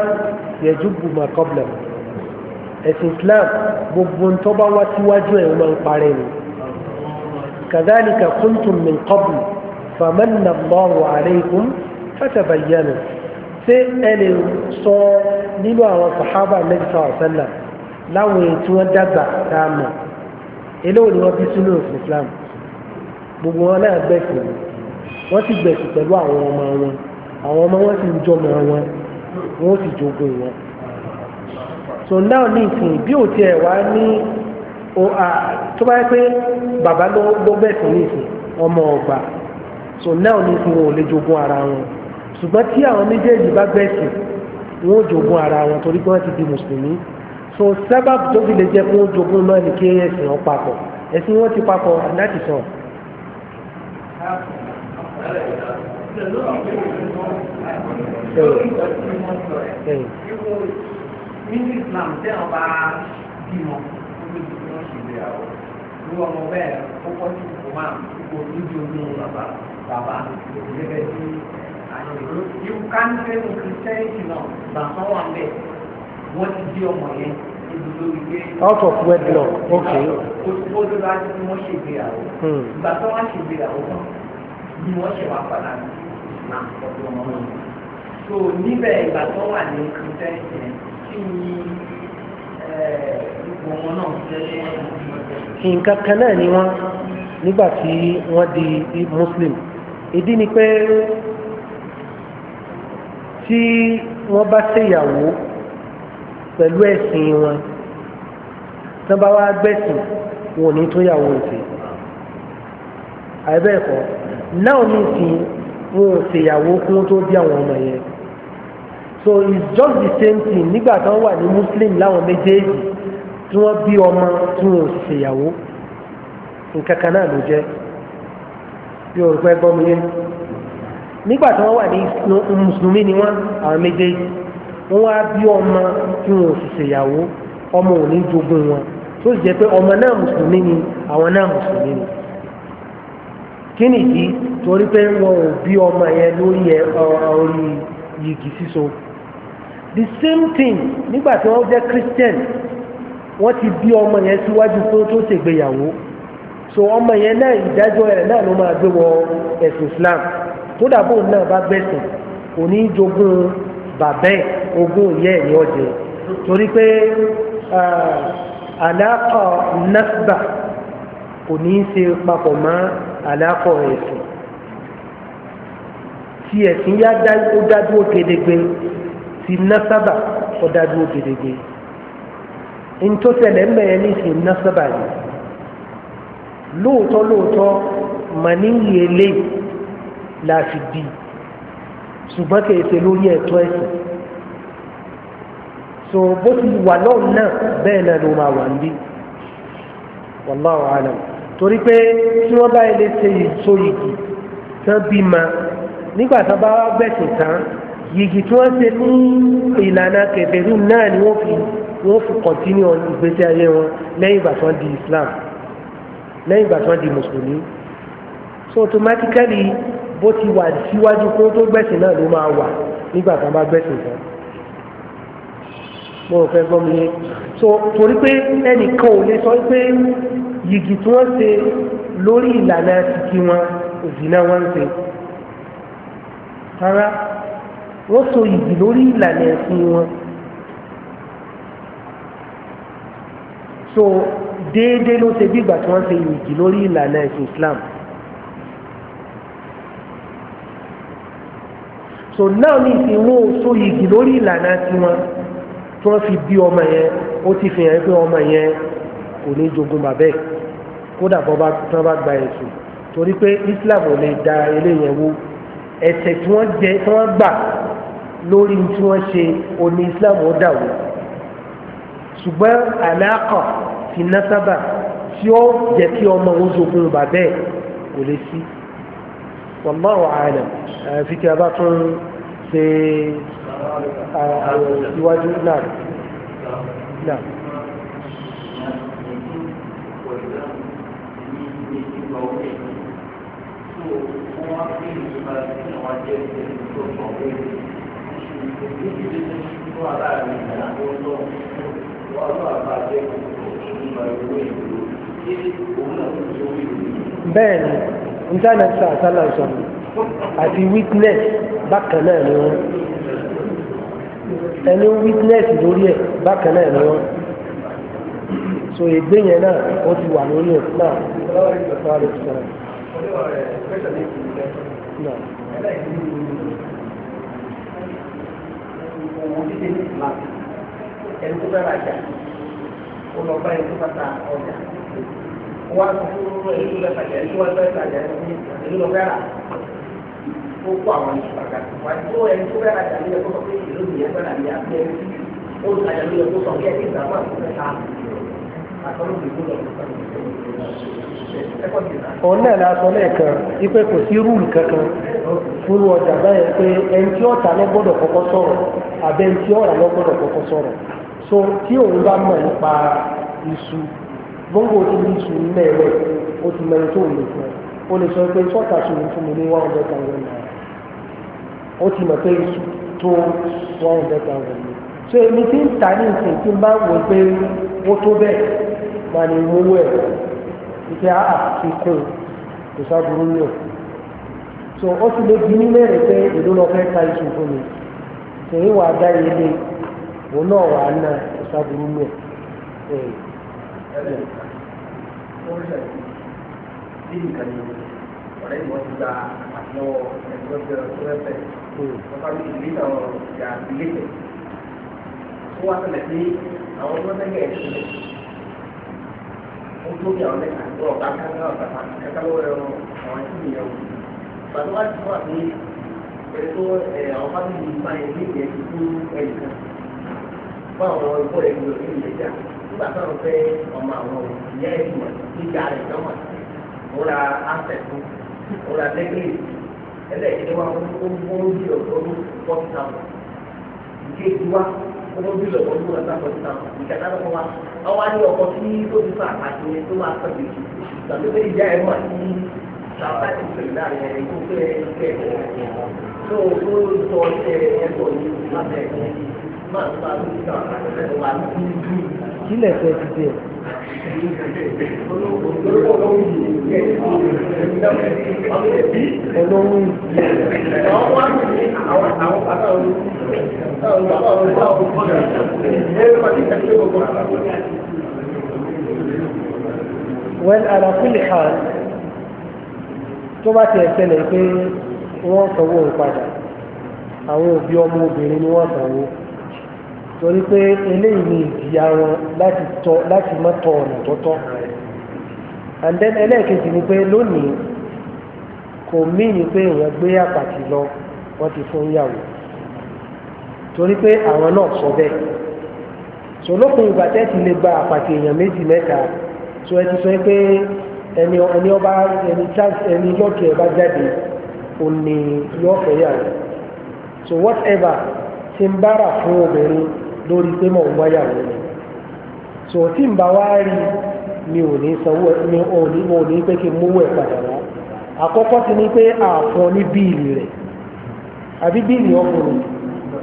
yajubu ma qabla ẹ̀sìn islam gbogbo ń tọ́ bá ẹ̀ máa parẹ́ ni kadhalika kuntum min qablu famanna Allahu alaykum fatabayyanu ṣé ẹ lè sọ nínú àwọn sàhábà nabi sallallahu alaihi wasallam láwọn èyí tí dàgbà tá eléwòlè wọn fi sínú òfin Islam gbogbo wọn náà gbẹ̀sìn wọn sì gbẹ̀sìn pẹ̀lú àwọn ọmọ wọn àwọn ọmọ wọn sì ń jọmọ wọn wọn ó sì jogún wọn. so now ní ìsìn bí ò tiẹ̀ wá ní tó bá yẹ pé bàbá ló gbẹ̀sìn ní ìsìn ọmọ ọgbà so now ní ìsìn wọn ò lè jogún ara wọn ṣùgbọ́n tí àwọn méjèèjì bá gbẹ̀sìn wọn ò jogún ara wọn torí pé wọ́n ti di mùsùlùmí so sábàbù tó fi lè jẹ́ kó jogún náà ni kí ẹ̀sìn wọn papọ̀ ẹ̀sìn wọn ti papọ̀ láti sọ. Nínú Islam tẹ́ ọ bá bímọ olójú tí wọ́n ṣe ìgbéyàwó ní ọmọ bẹ́ẹ̀ ó kọ́ wọ́n ti bí ọmọ yẹn out of wedlock Okay. ó ló wá ní wọ́n ṣe ìgbéyàwó. Hmm. ìgbà tó wọ́n ṣe ìgbéyàwó kan ni wọ́n ṣe wá padà ní ọ̀dọ̀ ọmọ wọn. so níbẹ̀ ìgbà tó wà ní kìrìtẹ́sì yẹn kí ni eh, ipò wọn náà ṣe é. nǹkan kan náà ni wọ́n nígbà tí wọ́n di muslim ìdí ni pé tí wọ́n bá ṣèyàwó pẹ̀lú ẹ̀sìn wọn tán bá wá gbẹ̀sìn wọn ò ní tún yàwó ìfẹ́ àìbẹ́ẹ̀kọ́ náà ní ìsìn wọn ò ṣèyàwó kún tó bí àwọn ọmọ yẹn so it's just the same thing nígbà tán wà ní muslim láwọn méjèèjì tí wọ́n bí ọmọ tí wọn ò ṣèyàwó nǹkan kan náà ló jẹ́ bí o rò gbọ́ mi yẹn nígbà tí wọ́n wà ní mùsùlùmí ni wọ́n àwọn méjèèjì. wọ́n á bí ọmọ tí wọn sì ṣèyàwó ọmọ ò jogún wọn tó sì jẹ́ pé ọmọ náà mùsùlùmí ni àwọn náà mùsùlùmí ni kí nìdí torí pé wọn ò bí ọmọ yẹn lórí ẹ orí yìgì the same thing nígbà tí wọ́n jẹ́ christian wọ́n ti bí ọmọ yẹn síwájú kó tó ṣègbéyàwó so ọmọ yẹn náà ìdájọ́ náà ló máa gbé wọ islam tó dàbò náà bá gbẹ̀sìn bàbá ẹ̀ ogún ìyá ẹ̀ ni ó jẹ torí pé àlákọ̀ nasba kò ní í ṣe papọ̀ mọ́ àlákọ̀ ẹ̀sìn tí ẹ̀sìn yá ó dádúró gedegbe ti nasaba ó dádúró gedegbe ntọ́sẹ̀lẹ̀ mbẹ̀yẹ ní ìsìn nasaba yìí lóòótọ́ lóòótọ́ màníyì eléyìí la fi bíi ṣùgbọ́n kì í ṣe lórí ẹ̀tọ́ ẹ̀sìn so bó ti wà lọ́wọ́ náà bẹ́ẹ̀ náà ló máa wà níbí wallahu alam torí pé tí wọ́n bá ilé ṣe ìṣó yìgì tán bímọ nígbà tó bá wá gbẹ̀sìn tán yìgì tí wọ́n ṣe ní ìlànà kẹfẹ́rú náà ni wọ́n fi wọ́n fi kọ̀ntínú ìgbésí ayé wọn lẹ́yìn ìgbà tí wọ́n di Islam lẹ́yìn ìgbà tí wọ́n di mùsùlùmí so automatically bó ti wà síwájú kó tó gbẹ̀sìn náà ló máa wà nígbà tá a bá gbẹ̀sìn tán mo rò fẹ́ gbọ́ mi yé so torí pé ẹnìkan ò lè sọ pé yìgì tí wọ́n ṣe lórí ìlànà títí wọn òdìnà wọn ń ṣe rárá wọ́n so yìgì lórí ìlànà ẹ̀sìn wọn. so déédéé ló ṣe bí ìgbà tí wọ́n ṣe yìgì lórí ìlànà ẹ̀sìn Islam. so náà ní ìsinmi so igi lórí ìlànà tiwọn tí wọ́n fi bí ọmọ yẹn ó ti fi hàn pé ọmọ yẹn kò ní jogún bàbá ẹ̀ kódà bọ́ba tí wọ́n bá gba ẹ̀sùn torí pé Islam ò lè da eléyẹn wó ẹ̀ṣẹ̀ tí wọ́n jẹ tí wọ́n gbà lórí tí wọ́n ṣe òní Islam ó dà wó ṣùgbọ́n àlàkọ̀ ti násábà tí ó jẹ́ kí ọmọ òun jogún bàbá ẹ̀ kò lè sí. Si wallahu a'lam fi tí a bá tún ṣe ìwájú náà náà. Bẹ́ẹ̀ni ntana sa asala sọ̀rọ̀ àti witness bákan náà ni wọn ẹni witness lórí ẹ bákan náà ni wọn so ègbé yẹn náà ó ti wà lórí ẹ náà wà lórí sọ̀rọ̀. Ẹni tó bá ra ó lọ bá ẹni tó bá ta ọjà wá fún èlú lẹ́tàjà èlú wá lẹ́tàjà èlú lọ fẹ́ra ó kó àwọn ìṣùpàkà wá tó ẹni tó fẹ́ra jà nílẹ̀ kókò pé ìlú nìyẹn fẹ́ra ní abẹ́ ó tajà nílẹ̀ kó sọ kẹ́kẹ́ ìgbàgbọ́ àkókò òun náà la sọ lẹ́ẹ̀kan ipe kò sí rúùlù kankan fún ọjà báyẹn pé ẹni tí ó tà lọ gbọ́dọ̀ kọ́kọ́ sọ̀rọ̀ àbẹ́ ẹni tí ó rà lọ gbọ́dọ̀ kọ́kọ́ sọ̀rọ̀ so tí òun bá mọ̀ nípa iṣu gbogbo ti ní sùúrù lẹ́ẹ̀rẹ́ o ti mọ tó lè fún ẹ o lè sọ pé sọ́ọ̀tà sùúrù fún mi ní one hundred thousand naira o ti mọ̀ pé tó one hundred thousand naira so èmi ti ń ta ní ìsìn tí n bá wọ pé ó tó bẹ́ẹ̀ máa ní owó ẹ̀ ìfẹ́ àfikún kò sábúrú ní o so ó ti lè bí ní mẹ́rin pé èdè lọ fẹ́ ta iṣu fún mi tèyí wà á dá iye lé òun náà wà á ná kò sábúrú ní o tó ń rẹ̀ sí nìkan ni ọ̀rẹ́ ìwọ ti gba àtìlọ́wọ́ ẹ̀gbọ́n tó rẹ̀ tó rẹ̀ fẹ́ wọ́n wá sọ̀rọ̀ pé àwọn tó tẹ́gẹ̀ ẹ̀ sílẹ̀ ó tó kí àwọn mẹ́ta tó ọ̀gá káńtà ọ̀gá káńtà lọ́wọ́ ẹ̀rọ àwọn ẹ̀sìn ìyẹn o. gbàtọ́ wá ti fún àti ẹ̀tọ́ àwọn fásitì ìgbà yẹn ní ìyẹn ti ẹ̀yìn kan fún àwọn ẹ̀kọ́ ẹ̀gbọ́n nígbà tó ń fẹ́ ọmọ àwọn ìyá ìmọ̀ gíga rẹ̀ lọ́wọ́ mo ra asẹ̀tù mo ra lẹ́gbẹ̀ẹ́ ẹlẹ́yìn wa ó gbóró bí ọ̀dọ́rú forty thousand ìkejì wa ó gbóró bí ọ̀dọ́rú ọ̀dá forty thousand ìkàtà lọ́kọ́ wa ọwọ́ ní ọkọ̀ tí tó ti fà àti ẹni tó máa pẹ̀lú ìjì tàbí pé ìyá ẹ̀ mà ní sábà ti pẹ̀lú láàrin ẹni tó fẹ́ fẹ́ ẹ̀ tó tó sọ ẹ̀ ẹ̀ sọ yìí lábẹ́ ẹ̀ máa ń bá lóṣù àwọn àti sílẹ̀ fẹ́ ti dé. olówó ìdílé. wẹ́n ara kúlì ha tó bá ti ẹ̀ ṣẹlẹ̀ pé wọ́n sanwó padà àwọn òbí ọmọ obìnrin ni wọ́n sanwó torí pé eléyìí ni ìjìyà wọn láti tọ láti má tọ ọ̀nà tó tọ́ and then ẹlẹ́ẹ̀kejì ni pé lónìí kò mí ni pé èèyàn gbé àpàtì lọ wọ́n ti fún yàwó torí pé àwọn náà sọ bẹ́ẹ̀ sọlọ́kùn ìgbà tẹ́ ti lè gba àpàtì èèyàn méjì mẹ́ta So ẹ ti sọ pé ẹni ẹni ọba ẹni ẹni lọ́kì ẹ̀ bá jáde òní yọ̀ọ̀fẹ́ yàwó so whatever ti ń bára fún obìnrin. lórí pé mò ń wáyàwó ni so tí n bá wá rí mi ò ní sanwó mi ò ní mo ò ní pé kí n mówó ẹ̀ padà wá àkọ́kọ́ ti ní pé àfọn ní bíìlì rẹ̀ àbí bíìlì ọkùnrin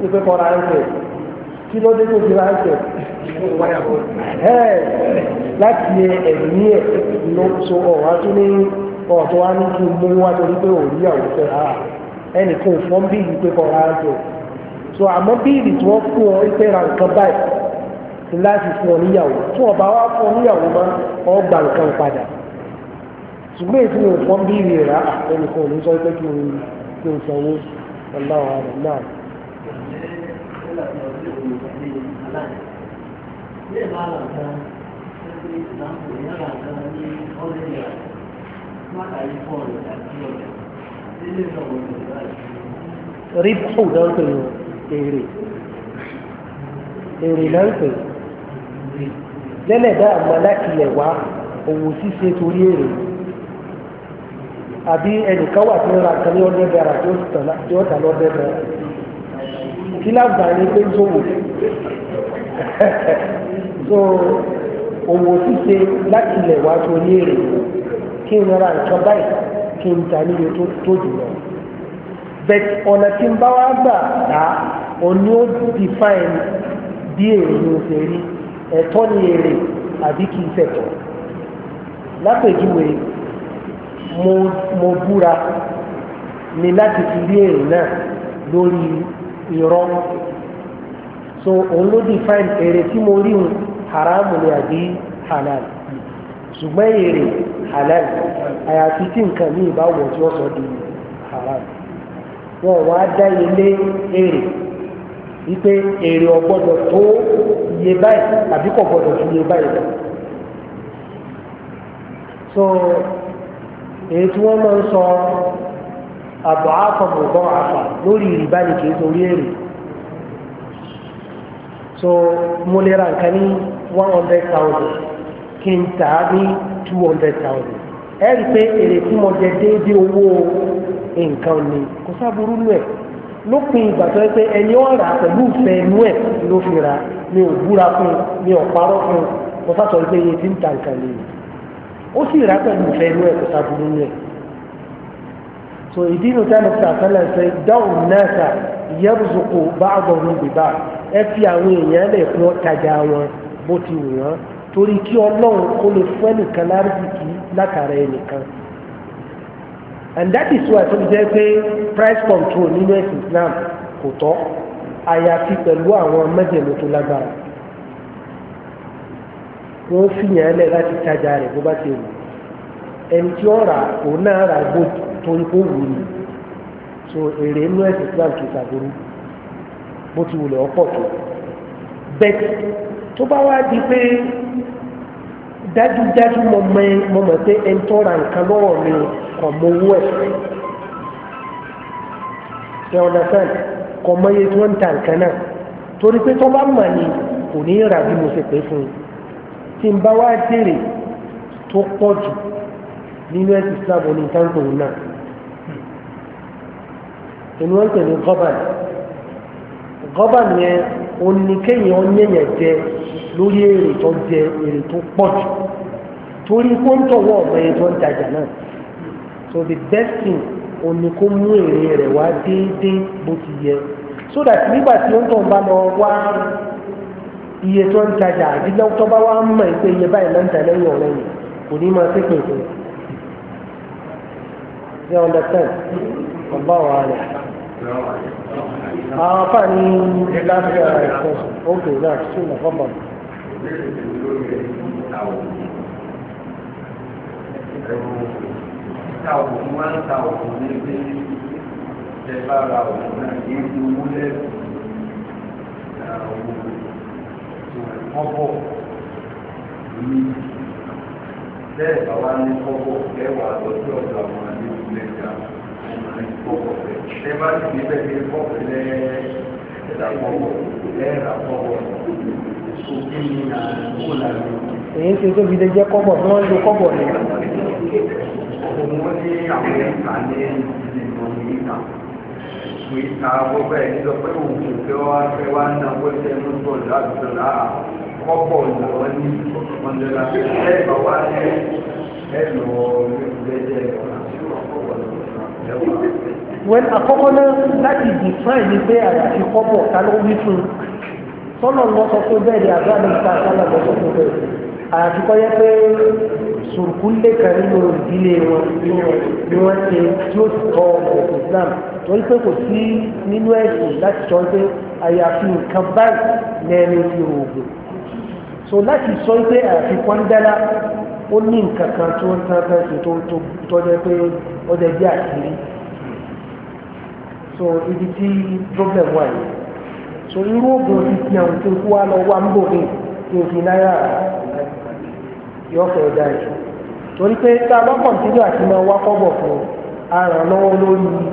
ní pé kọ́ra ẹ̀ kí ló dé tó fi ra ẹ̀ láti ẹ̀mí ẹ̀ ló so ọ̀wá tún ní ọ̀tọ̀ wá ní kí n mú wá torí pé òun yàwó fẹ́ ẹnì kan ò fọ́n bíìlì pé kọ́ra so àmọ́ bíìlì tí wọ́n fún ọ ìpè ra nǹkan báyìí láti fún ọ níyàwó tí ọba wa fún ọ níyàwó má ọ gba nǹkan padà ṣùgbọ́n èyí tí mo fọ́n bíìlì rà ah, ẹnìkan ò ní sọ pé kí n kí n sanwó ọláwà rẹ náà. Ilé ìlànà kan ní ìlànà èrè èrè náà ń pè lẹ́lẹ̀dá àmọ́ alákìlẹ̀ wá òwò ṣíṣe torí èrè àbí ẹnìkan wà tí ń ra nǹkan ní ọdún gara tí ó tà lọ́dún gara kí láǹfààní pé ń sòwò [LAUGHS] so òwò ṣíṣe lákìlẹ̀ wá torí èrè kí n ra nǹkan báyìí kí n ta níye tó jùlọ bẹ́ẹ̀ ọ̀nà tí ń bá wá gbà tá òní ó define bí èrè ló ṣe rí ẹ̀tọ́ ni èrè àbí kì í ṣẹ̀tọ́ lápèjúwe mo mo búra ni láti fi rí èrè náà lórí irọ́ so òun ló define èrè tí mo rí hun haramu ni àbí halal ṣùgbọ́n èrè halal àyàfi tí nǹkan míì bá tí wọ́n sọ di haram wọn wá dá ilé èrè wípé èrè ọgbọ́dọ̀ tó iye báyìí àbí kò gbọ́dọ̀ ju iye báyìí lọ. so èyí tí wọ́n máa ń sọ àbọ̀ àfọ̀mọ̀gbọ́n àfà lórí ìrìbá ni kìí torí èrè so mo lè ra nǹkan ní one hundred thousand kí n tà á ní two hundred thousand ẹ rí i pé èrè tí mo jẹ déédéé owó nǹkan ni kò sábúrú nù ẹ̀ lópin ìgbà tó yẹ pé ẹni wọn rà á pẹ̀lú ìfẹ́ inú ẹ̀ ló fi rà á mi ò búra fún un mi ò parọ́ fún un mo sá sọ pé iye tí ń ta nǹkan lè yìí ó sì rà á pẹ̀lú ìfẹ́ inú ẹ̀ kò sá burú ní ẹ̀. so ìdí inú táwọn ọ̀sán àtàlẹ̀ ṣe dáhùn náà sà ìyẹ́rùsùkò bá àgbọ̀rún bìbá ẹ fi àwọn èèyàn lè fún ọ̀tajà wọn bó ti wù wọ́n torí kí ọlọ́run kó lè fún ẹnìkan lárúbìkì látara ẹnìkan and that is why tó fi say price control nínú ẹ̀sìn Islam kò tọ́ àyàfi pẹ̀lú àwọn mẹ́jẹ̀lú tó lágbára wọ́n fi yàn lẹ̀ láti tajà rẹ̀ bó bá ti wù ẹni tí ó rà òun náà rà bó torí kó wù ní so èrè inú ẹ̀sìn Islam kì í sàbúrú bó ti wùlẹ̀ ọ̀pọ̀ tó bẹ́ẹ̀ tó bá wá di pé dájúdájú mọ̀ pé ẹni tó ra nǹkan lọ́wọ́ mi kọ̀ mọ́wọ́ ẹ̀ ṣe ọ̀nà sàn kọ̀ mọ́yé tí wọ́n ń ta nǹkan náà torí pé tó bá mà ní kò ní rà bí mo ṣe pé fún un tí n bá wá jèrè tó pọ̀ jù nínú ẹ̀sìn Islam ní táǹkò náà inú wọn pè ní gọ́bàn gọ́bàn yẹn oníkéyìn ọ̀nyẹ̀yẹ̀ jẹ lórí èrè tó jẹ èrè tó pọ̀ jù torí kó ń tọwọ́ ọ̀gbẹ́yẹ tó ń tajà náà so the best thing òní kó mú èrè rẹ̀ wá déédéé bó ti yẹ so that nígbà tí ó ń tàn bá lọ wá iye tó ń tajà àdígbà tó bá wá mọ̀ pé iye báyìí ló ń tà lẹ́yìn ọ̀rẹ́ yìí kò ní máa ṣépè fún un. you understand? ọba wa rẹ̀. àwọn afáàní láti ẹ̀kọ́ òkè náà sí ìlàkọ́bà. Thank you ta òkú máa ń ta òkú ní pé ẹ bá ra òkú náà kí n fi owó lẹ́sùn òkú tó kọ́bọ̀ ní bẹ́ẹ̀ bá wá ní kọ́bọ̀ kẹwàá lọ́jọ́ ọ̀dọ̀ àwọn àdéhùn lẹ́jà ọmọ ní kọ́bọ̀ rẹ̀ ṣé bá sì níbẹ̀ ní kọ́bọ̀ lẹ́ẹ̀ẹ́dà kọ́bọ̀ lẹ́ẹ̀dà kọ́bọ̀ èyí ṣe tóbi lè jẹ́ kọ́bọ̀ tí wọ́n ń lo kọ́bọ̀ ni. òun ní àwọn ẹ̀ka ní ìlú ìta ìta gbogbo ẹ̀ nílò pé òun kò fẹ́ wá fẹ́ wá náà wọ́n fẹ́ mú bọ̀ láàbùsọ̀ láà kọ́bọ̀ làwọn ní ọ̀dọ̀là ẹ̀ bá wá ní ẹ̀ lọ́ọ́ lẹ́jẹ̀ ẹ̀wọ̀n àkọ́kọ́ náà láti dìfáìn ní pé àyàfi kọ́bọ̀ ta ló wí fún un tọ́lọ̀ lọ sọ pé bẹ́ẹ̀ ni àbí àmì ìta sálà lọ sọ pé bẹ́ẹ̀ àti kọ́ yẹ pé sùrùkúndé kan nínú ìdílé wọn ni wọ́n ṣe tí ó sì tọ́ ọ̀pọ̀ Islam torí pé kò sí nínú ẹ̀sìn láti sọ pé àyàfi nǹkan báyìí lẹ́nu fi oògùn so láti sọ pé àyàfi pọ́ńdálá ó ní nǹkan kan tó ń tán tán sí tó ń tọ́jọ́ pé ó dẹ̀ bí àṣírí so ibi tí problem wà yìí. so irú oògùn títí àwọn tó kú wa lọ wá ń bò ní kí o fi náírà yọ fẹ́ torí pé tá a bá kọ̀ǹtínú àti máa wá kọ́bọ̀ fún lọ́wọ́ lórí